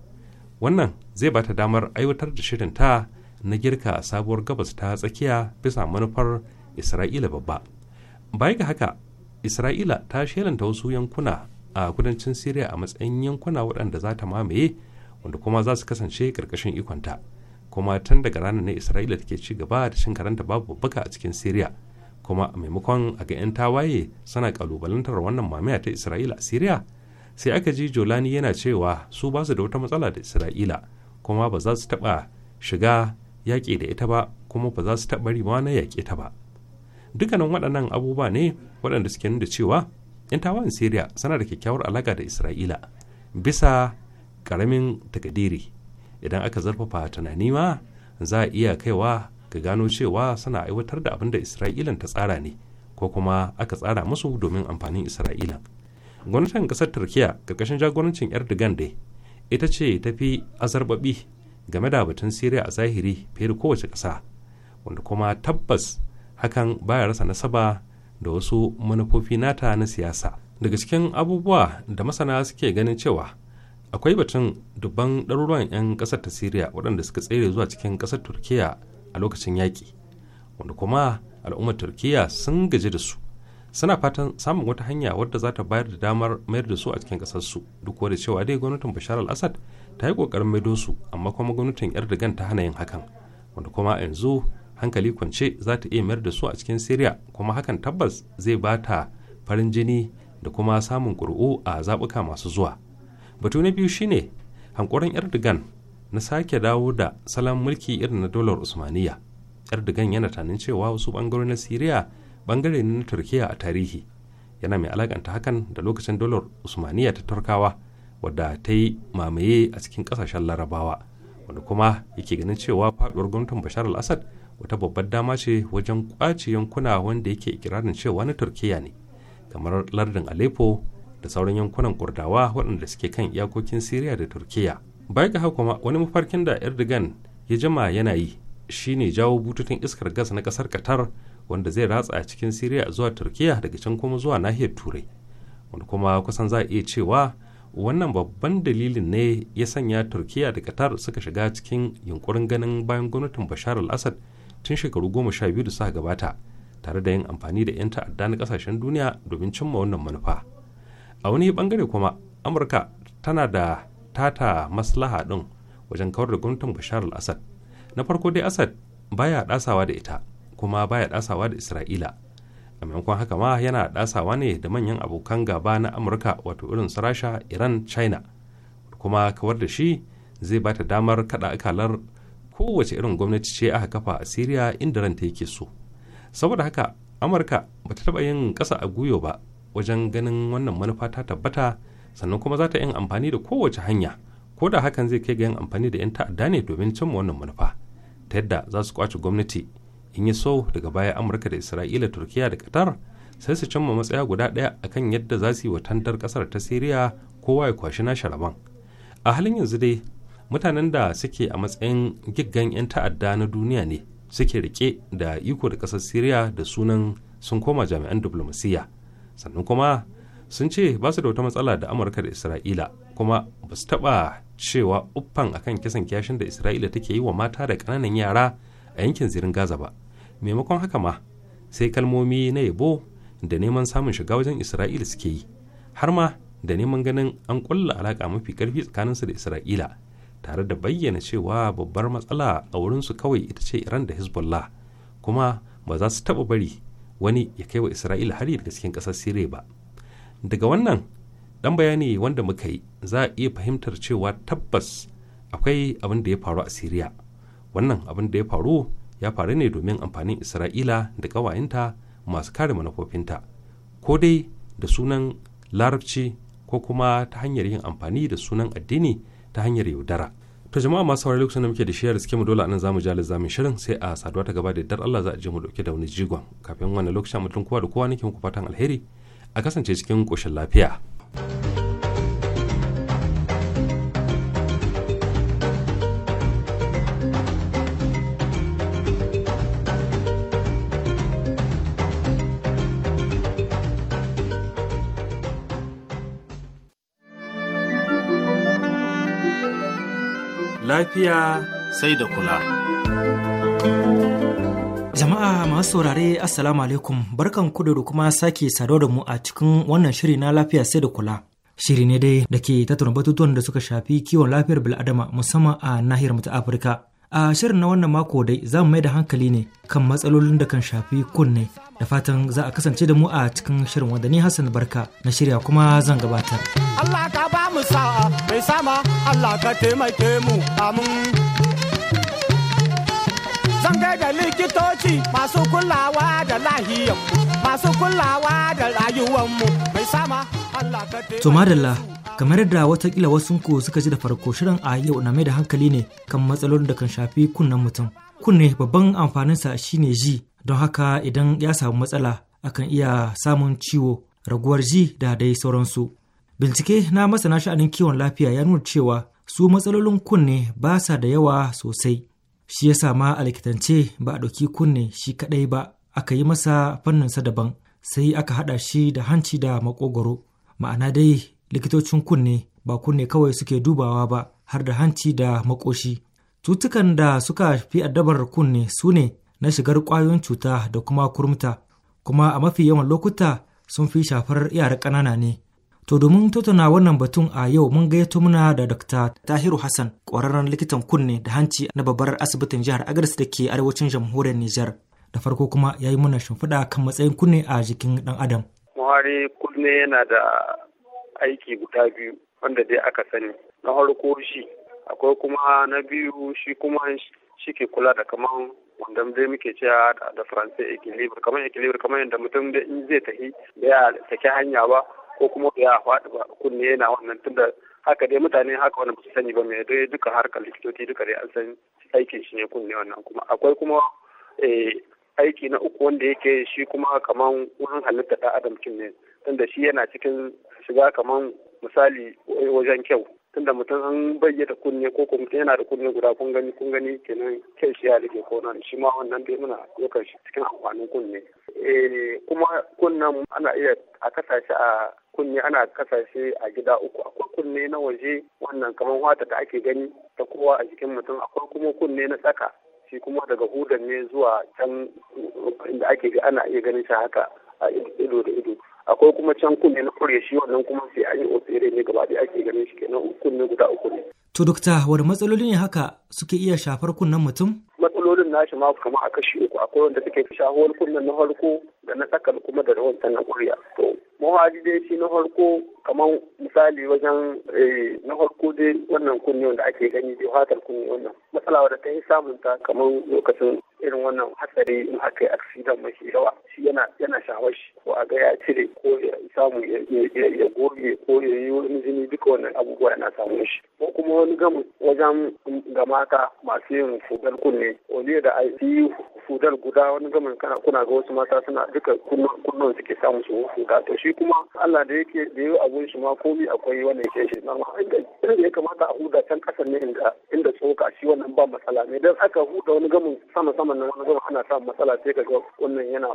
wannan zai bata damar aiwatar da shirin ta na girka sabuwar gabas ta tsakiya bisa manufar isra'ila babba baya ga haka isra'ila ta shelanta wasu yankuna a kudancin syria a matsayin yankuna waɗanda za ta mamaye wanda kuma za su kasance ƙarƙashin ikonta kuma tun daga ranar ne isra'ila take ci gaba da cin karanta babu babbaka a cikin syria kuma a maimakon a ga 'yan tawaye suna kalubalantar wannan mamaya ta isra'ila a syria sai aka ji jolani yana cewa su ba su da wata matsala da isra'ila kuma ba za su taɓa shiga yaƙi da ita ba kuma ba za su taɓa riba na yaƙe ta ba dukkanin waɗannan abubuwa ne waɗanda suke nuna cewa 'yan tawayen syria suna da kyakkyawar alaƙa da isra'ila bisa ƙaramin takadiri idan aka zarfafa tunani ma za a iya kaiwa ga gano cewa suna aiwatar da abin da isra'ilan ta tsara ne ko kuma aka tsara musu domin amfanin isra'ila gwamnatin ƙasar turkiya ƙarƙashin jagorancin erdogan dai ita ce ta fi azarbaɓi game da batun siriya a zahiri fiye da kowace ƙasa wanda kuma tabbas hakan baya rasa nasaba da wasu manufofi nata na siyasa daga cikin abubuwa da masana suke ganin cewa akwai batun dubban ɗaruruwan 'yan ƙasar ta siriya waɗanda suka tsere zuwa cikin ƙasar turkiya a lokacin yaƙi wanda kuma al'ummar turkiya sun gaji da su suna fatan samun wata hanya wadda za ta bayar da damar mayar da su a cikin ƙasarsu duk da cewa dai gwamnatin bashar al-assad ta yi ƙoƙarin maido su amma kuma gwamnatin erdogan ta hana yin hakan wanda kuma a yanzu hankali kwance za ta iya mayar da su a cikin syria kuma hakan tabbas zai ba ta farin jini da kuma samun ƙuri'u a zaɓuka masu zuwa batu na biyu shine hankoron erdogan na sake dawo da salon mulki irin na dolar usmaniya erdogan yana tanin cewa wasu bangarori na syria bangare ne na turkiya a tarihi yana mai alakanta hakan da lokacin dolar usmaniya ta turkawa wadda ta yi mamaye a cikin kasashen larabawa wanda kuma yake ganin cewa faduwar gwamnatin bashar al-assad wata babbar dama ce wajen kwace yankuna wanda yake ikirarin cewa na turkiya ne kamar lardin aleppo da sauran yankunan kurdawa waɗanda suke kan iyakokin siriya da turkiya bai ga kuma wani mafarkin da erdogan ya jima yana yi shine jawo bututun iskar gas na kasar qatar wanda zai ratsa a cikin siriya zuwa turkiya daga can kuma zuwa nahiyar turai wanda kuma kusan za a iya cewa wannan babban dalilin ne ya sanya turkiya da qatar suka shiga cikin yunkurin ganin bayan gwamnatin bashar al-assad tun shekaru goma sha biyu da suka gabata tare da yin amfani da 'yan ta'adda na kasashen duniya domin cimma wannan manufa a wani bangare kuma amurka tana da tata maslaha din wajen kawar da gwamnatin bashar al-assad na farko dai assad baya dasawa da ita kuma baya dasawa da isra'ila a maimakon haka ma yana dasawa ne da manyan abokan gaba na amurka wato irin su rasha iran china kuma kawar da shi zai bata damar kada akalar kowace irin gwamnati ce aka kafa a syria inda ranta yake so saboda haka amurka ba ta taba yin kasa a guyo ba wajen ganin wannan manufa ta tabbata sannan kuma za ta yin amfani da kowace hanya ko da hakan zai kai ga yin amfani da 'yan ta'adda ne domin cimma wannan manufa ta yadda za su kwace gwamnati in yi so daga baya amurka da isra'ila turkiya da qatar sai su cimma matsaya guda ɗaya akan yadda za su yi watantar ƙasar ta siriya kowa ya kwashi nashi rabon a halin yanzu dai mutanen da suke a matsayin giggan 'yan ta'adda na duniya ne suke rike da iko da ƙasar siriya da sunan sun koma jami'an diplomasiyya sannan kuma sun ce ba su da wata matsala da amurka da isra'ila kuma ba su taɓa cewa uffan akan kisan kyashin da isra'ila take yi wa mata da ƙananan yara a yankin zirin gaza ba maimakon haka ma sai kalmomi na yabo da neman samun shiga wajen isra'ila suke yi har ma da neman ganin an kulla alaƙa mafi ƙarfi tsakaninsu da isra'ila tare da bayyana cewa babbar matsala a wurinsu kawai ita ce iran da hezbollah kuma ba za su taɓa bari wani ya kai wa isra'ila hari daga cikin ƙasar sire ba daga wannan ɗan bayani wanda muka yi za a iya fahimtar cewa tabbas akwai abin da ya faru a siriya wannan abin da ya faru ya faru ne domin amfanin isra'ila da ƙawayenta masu kare manufofinta ko dai da sunan larabci ko kuma ta hanyar yin amfani da sunan addini ta hanyar yaudara to jama'a masu saurari lokacin da muke da shiyar suke mu dole anan zamu ji zamin shirin sai a saduwa ta gaba da dar Allah za a je mu dauke da wani jigon kafin wannan lokacin mutum kowa da kowa nake muku fatan alheri a kasance cikin koshin lafiya. thank you lafiya sai da kula. Jama'a masu saurare Assalamu alaikum barkan ku da kuma sake saduwa da mu a cikin wannan shiri na lafiya sai da kula. Shiri ne dai da ke tattauna batutuwan da suka shafi kiwon lafiyar bil'adama musamman a nahiyar mu ta Afirka. A shirin na wannan mako dai za mu mai da hankali ne kan matsalolin da kan shafi kunne da fatan za a kasance da mu a cikin shirin wanda ni Hassan Barka na shirya kuma zan gabatar. Allah ka ba mu sa'a mai sama Allah ka taimake mu amin. Zan da likitoci masu kulawa da lahiyar masu kulawa da rayuwanmu mai sama Allah ka To madalla kamar yadda watakila ku suka ji da farko shirin a yau na mai da hankali ne kan matsalolin da kan shafi kunnen mutum. Kunne babban amfaninsa shine ji don haka idan ya samu matsala akan iya samun ciwo raguwar ji da dai sauransu. Bincike na masana sha'anin kiwon lafiya ya nuna cewa su matsalolin kunne ba sa da yawa sosai. Shi ya sama a likitance ba a ɗauki kunne shi kaɗai ba aka yi masa fanninsa daban sai aka haɗa shi da hanci da makogoro ma'ana dai likitocin kunne ba kunne kawai suke dubawa ba har da hanci da makoshi cutukan da suka fi addabar kunne su ne na shigar ƙwayoyin cuta da kuma kurumta kuma a mafi yawan lokuta sun fi shafar yara ƙanana ne To domin tattauna wannan batun a yau mun gayyato muna da Dr. Tahiru Hassan, ƙwararren likitan kunne da hanci na babbar asibitin jihar Agadez da ke arewacin jamhuriyar Nijar. da farko kuma ya yi muna shimfiɗa kan matsayin kunne a jikin ɗan adam. Muhari kunne yana da aiki guda biyu wanda dai aka sani. Na farko shi akwai kuma na biyu shi kuma shi ke kula da kaman wanda zai muke cewa da faransa equilibre kamar equilibre kamar yadda mutum da in zai tafi da ya take hanya ba ko kuma ya faɗi ba kunne yana wannan tunda haka dai mutane haka wani su sani ba mai dai duka harkar likitoci duka dai an san aikin shi ne kunne wannan kuma akwai kuma eh, aiki na uku wanda yake shi kuma kaman wurin halitta da adam kin ne tunda shi yana cikin shiga kaman misali wajen kyau tunda mutum an bayyana kunne ko kuma mutum yana da kunne guda kun gani kun gani kenan kyau shi ya rike ko nan shi ma wannan dai muna dokar shi cikin amfanin kunne eh kuma kunnen ana iya a kasashe a kunne ana kasashe a gida uku akwai kunne na waje wannan kamar wata da ake gani ta kowa a jikin mutum akwai kuma kunne na tsaka shi kuma daga hudan ne zuwa can inda ake ana iya ganin shi haka a ido da ido akwai kuma can kunne na kure shi wannan kuma sai an yi osere ne gaba ɗaya ake ganin shi kenan kunne guda uku ne. to dokta wani matsaloli ne haka suke iya shafar kunnen mutum? matsalolin nashi ma kamar a kashi uku akwai wanda suke shahuwar kunnen na farko da na tsakar kuma da rawancan na kuriya to mawari dai shi na farko kamar misali wajen eh, na farko dai wannan kunne da ake gani da fatar kunne wannan matsala wadda ta yi samun ta kamar lokacin irin wannan hatsari in aka yi accident mai yawa shi yana yana shawar shi ko a ga ya cire ko ya samu ya goge ko ya yi wani jini duka wannan abubuwa yana samun shi ko kuma wani gamu wajen ga mata masu yin fugar kunne oliyo da ai fudar guda wani zaman kana kuna ga wasu mata suna duka kunnon suke samu su da to shi kuma Allah da yake da yi abun shi ma komi akwai wanda yake shi na inda inda ya kamata a huda can kasan ne inda inda tsoka shi wannan ba matsala ne dan aka huda wani gamin sama sama nan wani gamin ana samun matsala sai ga wannan yana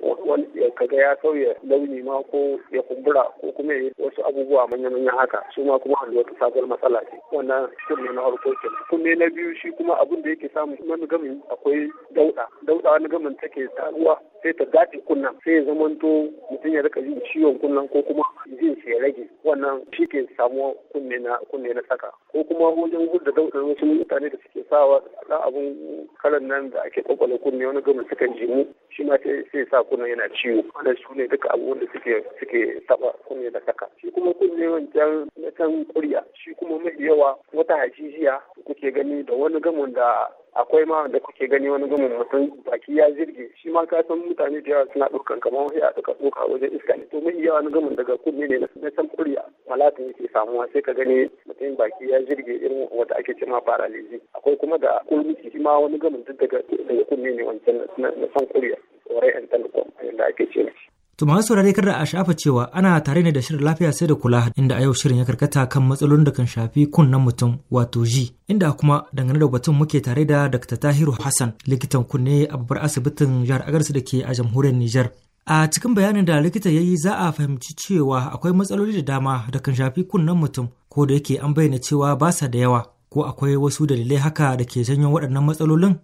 wani ga ya sauya launi ma ko ya kumbura ko kuma ya wasu abubuwa manya manya haka su ma kuma hanzu wata sabuwar matsala ce wannan shirin na harkokin kuma na biyu shi kuma abin da yake samu wani gamin akwai dauda wani wani gaman take taruwa sai ta dace kunnan sai ya zamanto mutum ya rika jin ciwon kunnan ko kuma jin sai rage wannan shi ke samuwa kunne na kunne na saka ko kuma wajen gudda daudar wasu mutane da suke sawa da abun kalan nan da ake kwakwale kunne wani gamin suka jimu shi ma sai sa kunnan yana ciwo wannan su ne duka abubuwan da suke suke saba kunne da saka shi kuma kunne wancan na can kuriya shi kuma mai yawa wata hajijiya kuke gani da wani gamin da akwai ma da kuke gani wani gumin mutum baki ya zirge shi ma ka san mutane da yawa suna ɗaukan kamar wani a ɗauka ɗauka wajen iska ne to mai yawa wani gumin daga kunne ne na san kurya malatin ke samuwa sai ka gani mutum baki ya zirge irin wata ake cema paralizi akwai kuma da kulmiki shi ma wani gumin duk daga kunne ne wancan na san kurya tsoron yan telecom yadda ake ce To masu saurare da a shafa cewa ana tare ne da shirin lafiya sai da kula inda a yau shirin ya karkata kan matsalolin da kan shafi kunnen mutum wato ji inda kuma dangane da batun muke tare da Dr. Tahiru Hassan likitan kunne a babbar asibitin jihar Agarsu da ke a jamhuriyar Nijar. A cikin bayanin da likita ya yi za a fahimci cewa akwai matsaloli da dama da kan shafi kunnen mutum ko da yake an bayyana cewa ba sa da yawa ko akwai wasu dalilai haka da ke janyo waɗannan matsalolin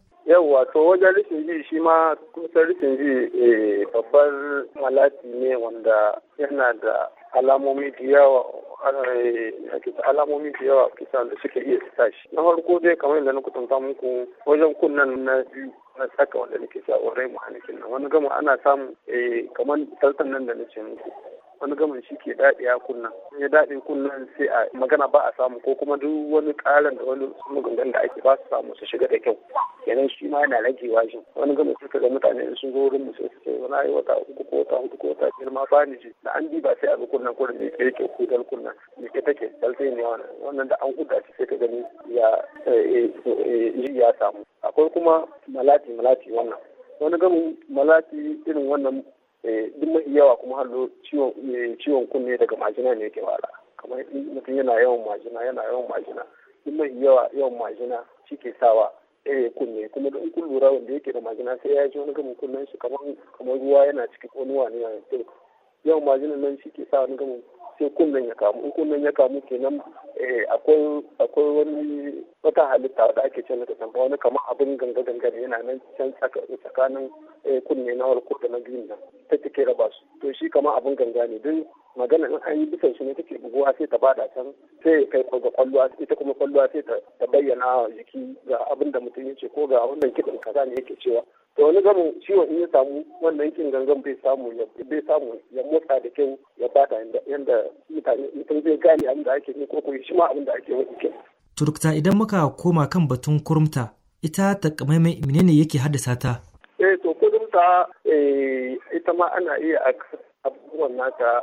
wato wajen rikin ji shi ma kusan rikin ji eh, babbar malati ne wanda yana da alamomi da yawa eh, alamomi da yawa kusa da suke iya sa shi na farko dai kamar yadda na kutunta muku wajen kunnan na biyu na tsaka wanda nake sa mu muhannikin nan wani gama ana samun eh, kamar saltan nan da nace muku wani gamin shi ke daɗe a kunna. in ya daɗe kunnan sai a magana ba a samu ko kuma duk wani ƙarin da wani maganganun da ake ba su samu su shiga da kyau kenan shi ma yana rage shi wani gamin shi ga mutane in sun zo wurin mu sai su ce wani ayi wata uku ko wata hudu ko wata biyar ma ba ni ji da an bi ba sai a bi kunnan kurin ne ke yake hudar kunnan ne ke take sai ne wannan wannan da an huda shi sai ka gani ya eh, eh, ya samu akwai kuma malati malati wannan wani gamin malati irin wannan Eh, duk mafi yawa kuma hallo eh, ciwon kunne daga majina ne yake wala kamar mutum yana yawan majina yana yawan majina duk mafi yawa yawan majina shi ke sawa ɗaya kunne kuma da kun lura wanda yake da majina sai ya ji wani gamin kunnen shi kamar ruwa yana cikin wani wani yawan majina nan shi ke sa wani gamin sai kunnen ya kamu in kunnen ya kamu kenan eh, akwai wani wata halitta da ake ce mata tamba wani kamar abin ganga ganga ne yana nan can tsakanin eh, kunne na wani da na biyun nan ta take raba su to shi kamar abin ganga ne don magana in an yi bisan shi ne take buguwa sai ta bada can sai kai ga kwallo ita kuma kwalluwa sai ta bayyana jiki ga abin da mutum ya ce ko ga wannan kiɗin kaza ne yake cewa to wani gamin ciwon in ya samu wannan kin gangan bai samu ya bai samu ya motsa da kyau ya bata yanda mutane mutum zai gane abin da ake yi ko kuma shi abin da ake yi kin turkta idan muka koma kan batun kurumta ita takamaimai menene yake haddasa ta eh to kurumta eh, ita ma ana iya abubuwan nata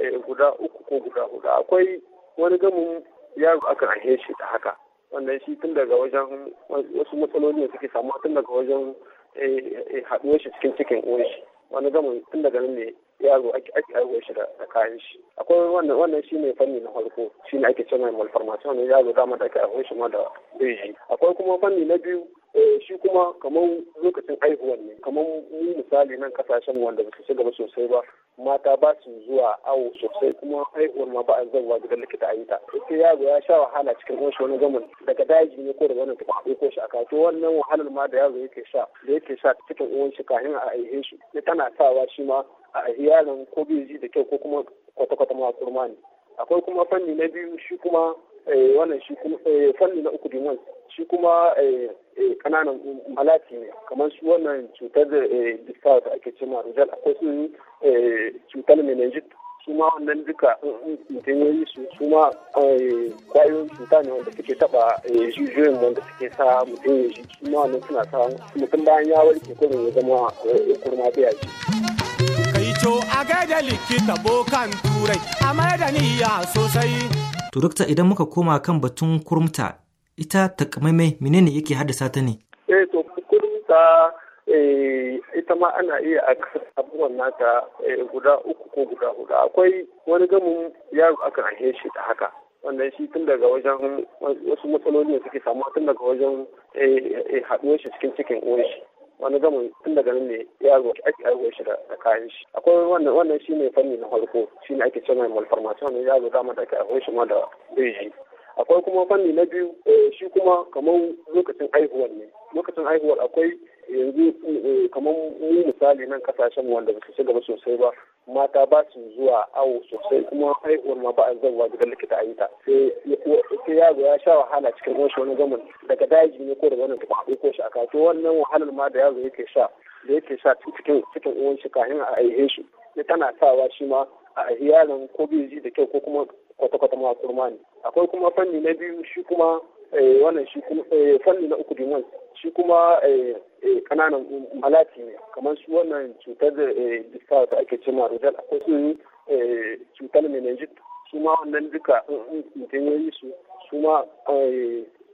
eh, guda uku ko guda huda akwai wani gamin yaro aka rahe shi da haka wannan shi tun daga wajen wasu matsaloli da suke samu tun daga wajen Eh, eh, haɗuwar shi cikin cikin uwar shi wani gamin tun daga nan ne yaro ake ake aiwo shi da kayan shi akwai wannan wannan ne fanni na farko shi ne ake cewa malformation ne yaro dama da ake aiwo shi ma da beji akwai kuma fanni na biyu Eh, shi kuma kamar lokacin haihuwar ne kamar mu misali nan kasashen wanda ba su ci gaba sosai ba mata ba su zuwa awo sosai kuma haihuwar ma ba a zauwa gidan likita a yi ta sai yaro ya sha wahala cikin wasu wani zaman daga daji ne ko da wani tafi a ko shi a kato wannan wahalar ma da yaro yake sha da yake sha cikin uwan shi kafin a aihe shi ne tana sawa shi ma a aihe yaron ko bai ji da kyau ko kuma kwata-kwata ma kurma ne akwai kuma fanni na biyu shi kuma Eh, wannan shi kuma eh, fanni na uku dimon shi kuma kananan eh, malati ne kamar su wannan cutar da disfa da ake cewa rujal akwai su cutar meningitis su ma wannan duka mutum ya yi su su ma kwayoyin cuta ne wanda suke taba jijiyoyin wanda suke sa mutum ya ji su ma wannan suna sa mutum bayan ya warke kuma ya zama kurma biya ji. kai co a gaida likita bokan turai a da niyya sosai To dokta idan muka koma kan batun kurumta ita takamaimai menene yake haddasa ta ne? Eh to kurumta eh, ita ma ana iya a abubuwan nata eh, guda uku ko guda hudu akwai wani gamin yaro akan ahe shi da haka wannan shi tun daga wajen wasu matsaloli da suke samuwa tun daga wajen eh, haɗuwar shi cikin cikin uwan shi wani gamin tun daga nan ne yaro ake aiwo shi da kayan shi akwai wannan wannan shine fanni na farko shine ake cewa malformation ne zo dama da ake aiwo shi ma da bai akwai kuma fanni na biyu eh, shi kuma kamar lokacin aihuwar ne lokacin aihuwar akwai yanzu eh, kamar mu misali nan kasashen wanda ba su ci gaba sosai ba mata ba su zuwa awo sosai kuma haihuwar ma ba a zauwa daga likita a yi ta sai yaro ya sha wahala cikin wani wani zaman daga daji ne ko daga wani taɓa ko shi a to wannan wahalar ma da yaro yake sha da yake sha cikin cikin uwan shi kafin a aihe shi ne tana sawa shi ma a yaron ko bai ji da kyau ko kuma kwata-kwata ma kurma ne akwai kuma fanni na biyu shi kuma Eh, wannan shi kuma eh, fanni na uku dimon shi kuma kananan eh, malati ne kamar su wannan cutar da bisa da ake ce ma rojal akwai su cutar meningit su ma wannan duka mutum ya yi su su ma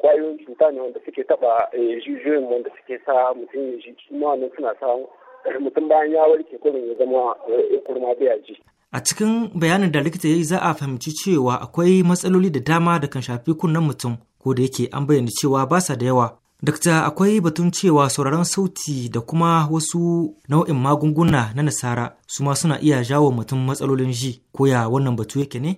kwayoyin cuta ne wanda suke taba jijiyoyin wanda suke sa mutum ya ji su ma wannan suna sa mutum bayan ya warke kurin ya zama kurma bai ji. A cikin bayanin da likita ya yi za a fahimci cewa akwai matsaloli da dama da kan shafi kunnen mutum ko da yake an bayyana cewa ba sa da yawa Dakta akwai batun cewa sauraron sauti da kuma wasu nau'in magunguna na nasara su ma suna iya jawo mutum matsalolin ji ko ya wannan batu yake ne?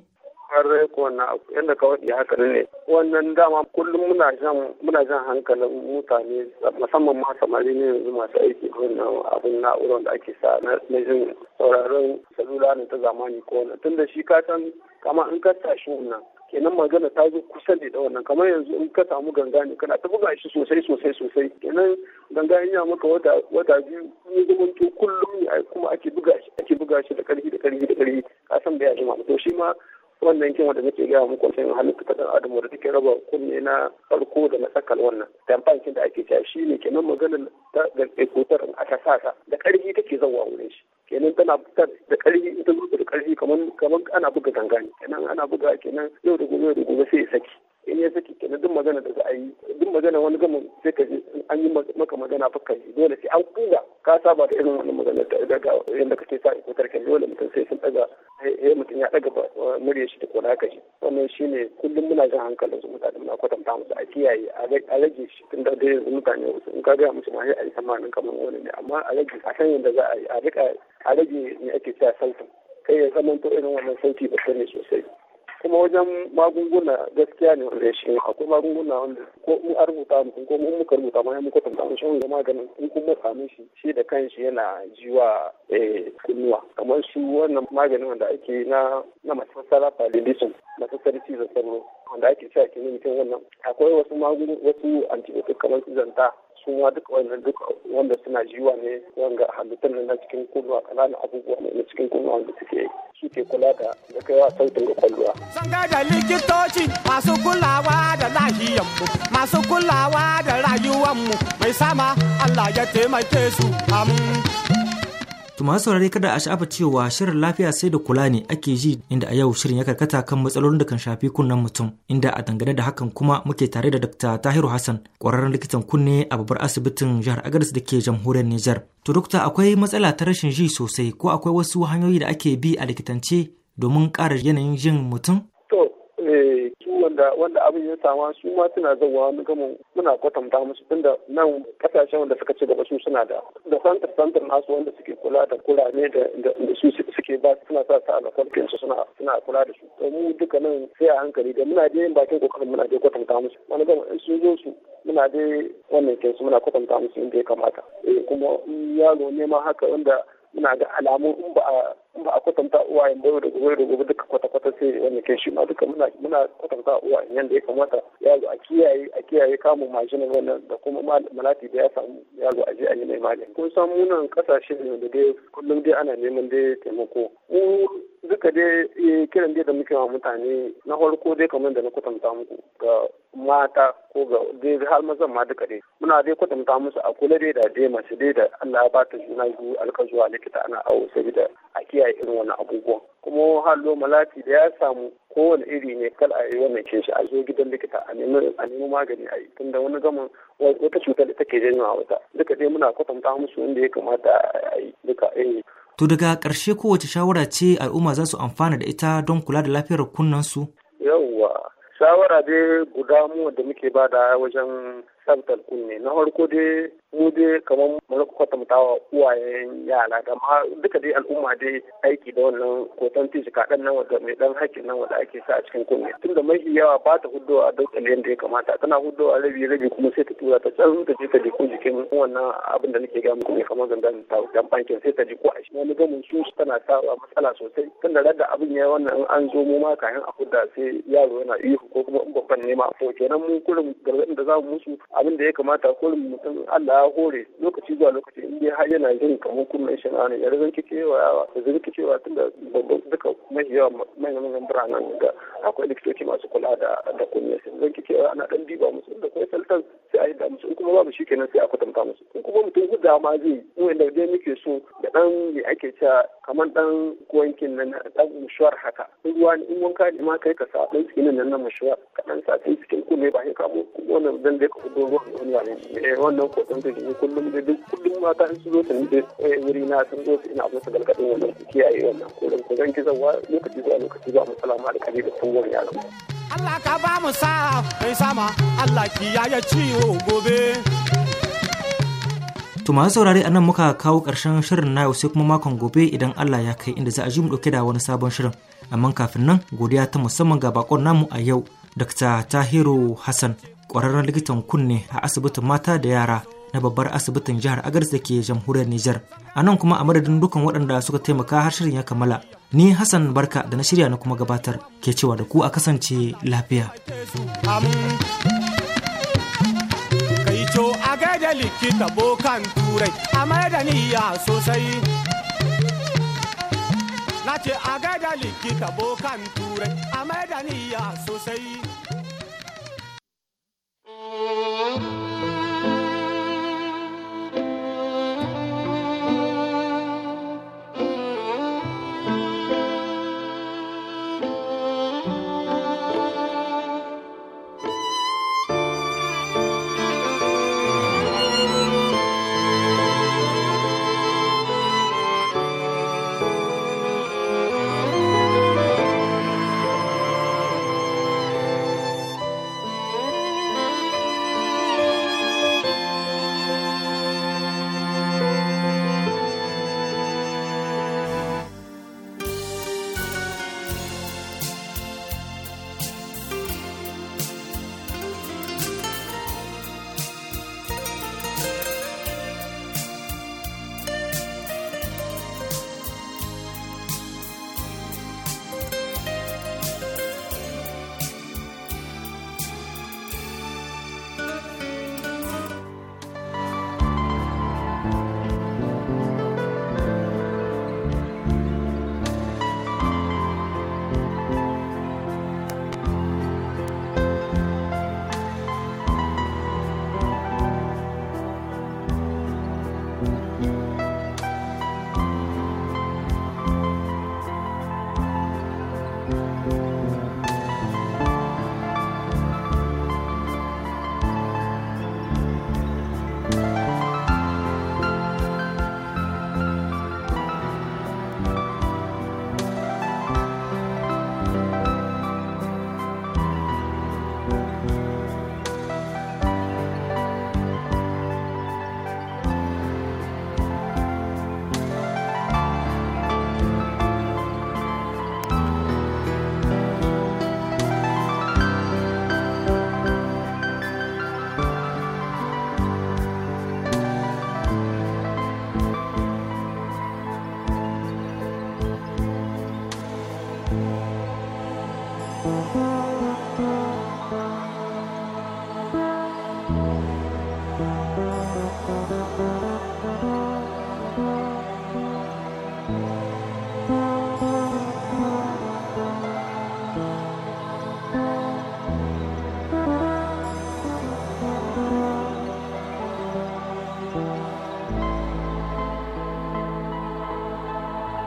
Har ko wannan yadda ka waɗi haka ne. Wannan dama kullum muna jan muna hankalin mutane musamman ma samari ne yanzu masu aiki wannan abin na'urar da ake sa na jin sauraron salula ne ta zamani ko wannan tunda shi ka san kama in ka tashi wannan kenan magana ta zo kusa ne da wannan kamar yanzu in ka samu ganga ne kana ta buga shi sosai sosai sosai kenan ganga in ya maka wata wata biyu ne zaman to kullum ne kuma ake buga shi ake buga shi da karfi da karfi da karfi ka san bai ajima to shi ma wannan kin wanda nake gaya muku sai halittu ta da Adam da take raba kunne na farko da na sakal wannan tamfankin da ake cewa ne kenan magana ta ga ekotar a ta da karfi take zawa wurin shi kenan tana buga da ƙarfi ita buga da ƙarfi kamar kamar ana buga ganga ne kenan ana buga kenan yau da gobe yau da gobe sai ya saki in ya saki kenan duk magana da za a yi duk magana wani gama sai ka an yi maka magana fa ka yi dole sai an kuga ka saba da irin wannan magana da daga yanda kake sa ko tarkin dole mutum sai sun daga sai mutum ya daga murya shi da kona ka shi wannan shine kullum muna jan hankalin su mutane muna kwatanta musu a kiyaye a rage shi tun da dai yanzu mutane wasu in ka ga musu ma sai a yi tsammanin kamar wani ne amma a rage a san yadda za a yi a rika a rage ne ake cewa sautin kai ya zamanto irin wannan sauti ba ne sosai kuma wajen magunguna gaskiya ne wanda ya shi akwai magunguna wanda ko in an rubuta mu ko in muka rubuta mu muka tanta mu shan maganin in kun mu same shi shi da kanshi yana jiwa eh kunnuwa kamar shi wannan maganin wanda ake na na masassara palidism masassar cizon sauro wanda ake cewa ke mutum wannan akwai wasu magunguna wasu antibiotics kamar su zanta su ma duk wannan duk wanda suna jiwa ne wanga halittun na cikin kunuwa kananan abubuwa ne na cikin kunuwa wanda suke ke kula da da kaiwa sautin ga kwallowa. zanga da likitoci masu kulawa da mu masu kulawa da mu mai sama Allah ya taimake su amin. To masu saurare kada a sha'afa cewa shirin lafiya sai da kula ne ake ji inda a yau shirin ya karkata kan matsalolin da kan shafi kunnen mutum inda a dangane da hakan kuma muke tare da Dr. Tahiru Hassan ƙwararren likitan kunne a babbar asibitin jihar Agadez da ke jamhuriyar Nijar. To dokta akwai matsala ta rashin ji sosai ko akwai wasu hanyoyi da ake bi a likitance domin ƙara yanayin jin mutum? wanda wanda abin ya samu su ma suna zauwa mun gama muna kwatanta musu tunda nan kasashen wanda suka ci gaba su suna da da santar santar nasu wanda suke kula da kurame da da su suke ba suna sa su alaƙarfin su suna suna kula da su to mu duka nan sai a hankali da muna da yin bakin kokarin muna da kwatanta musu wani gama in sun zo su muna da wannan kai su muna kwatanta musu inda ya kamata eh kuma yaro ne ma haka wanda muna da alamun in ba a ba a kwatanta uwa da da gobe da gobe duka kwata-kwata sai wani kai shi ma duka muna muna kwatanta uwayen yadda ya kamata ya zo a kiyaye a kiyaye kamun mashin wannan da kuma malati da ya samu ya zo a je a yi mai magani kun san munan kasashe ne da dai kullum dai ana neman dai taimako mu duka dai eh, kiran dai da muke wa mutane na farko dai kamar da na kwatanta muku ga mata ko ga dai har mazan ma duka dai muna dai kwatanta musu a kula dai da dai mace dai da Allah ya ba ta juna biyu alƙazuwa likita ana awo sabida a kiyaye kiyaye irin wani abubuwan kuma hallo malati da ya samu kowane iri ne kal a yi wannan ke shi a zo gidan likita a nemi magani a yi tunda wani gama wata cutar da take a wata duka dai muna kwatanta musu wanda ya kamata a yi duka irin eh. To daga ƙarshe kowace shawara ce al'umma za su amfana da ita don kula da lafiyar kunnansu? Yawwa, shawara dai guda mu da muke bada wajen tsabtar kunne. Na farko dai mu dai kamar mu kwatanta wa uwayen yara da ma duka dai al'umma dai aiki da wannan hoton ka kaɗan nan wa mai ɗan hakkin nan wanda ake sa a cikin kunne tunda mafi yawa ba ta a don tsaliyan da ya kamata tana a rabi rabi kuma sai ta tura ta can ta je ta jiko jikin wannan abin da nake gamu ne kamar zangan ta dan bankin sai ta jiko a shi wani gamin su tana sawa matsala sosai tunda da abin ya wannan an zo mu ma kayan a hudda sai yaro yana ihu ko kuma in babban nema a kenan mu kurin gargaɗin da za mu musu abin da ya kamata kurin mutum Allah ya hore lokaci zuwa lokaci in dai har yana jin kamar kuma shi na ya rizanki kike wa ya rizanki kike wa tunda babban duka mafi yawa manyan manyan biranen da akwai likitoci masu kula da da kunya sai kike wa ana dan diba musu da kai saltan sai a yi da musu in kuma babu shi kenan sai a kwatanta musu in kuma mutum guda ma zai wani wanda dai muke so da dan me ake cewa kamar dan kuwankin nan dan mushuwar haka ruwa ne in wanka ne ma kai ka sa dan tsinin nan nan mushuwar ka dan sa sai cikin kunne ba sai ka mu wannan dan dai ka fito wannan eh, wannan ko da shi kullum da duk kullum mata in su zo su nike eh, wuri na sun zo su ina musu galgadin wannan su kiyaye wannan kullum ko zan kisan wa lokaci zuwa lokaci zuwa matsala ma da kare da tsohon yaro. Allah ka ba mu sa mai sama Allah kiyaye ciwo gobe. To masu saurare nan muka kawo ƙarshen shirin na yau sai kuma makon gobe idan Allah ya kai inda za a ji mu ɗauke da wani sabon shirin. Amma kafin nan godiya ta musamman ga bakon namu a yau Dr. Tahiru Hassan, ƙwararren likitan kunne a asibitin mata da yara na babbar asibitin jihar Agadez da ke jamhuriyar Nijar. A nan kuma a madadin dukkan waɗanda suka taimaka har shirin ya kammala. Ni Hassan Barka da na shirya na kuma gabatar ke cewa da ku a kasance lafiya. thank you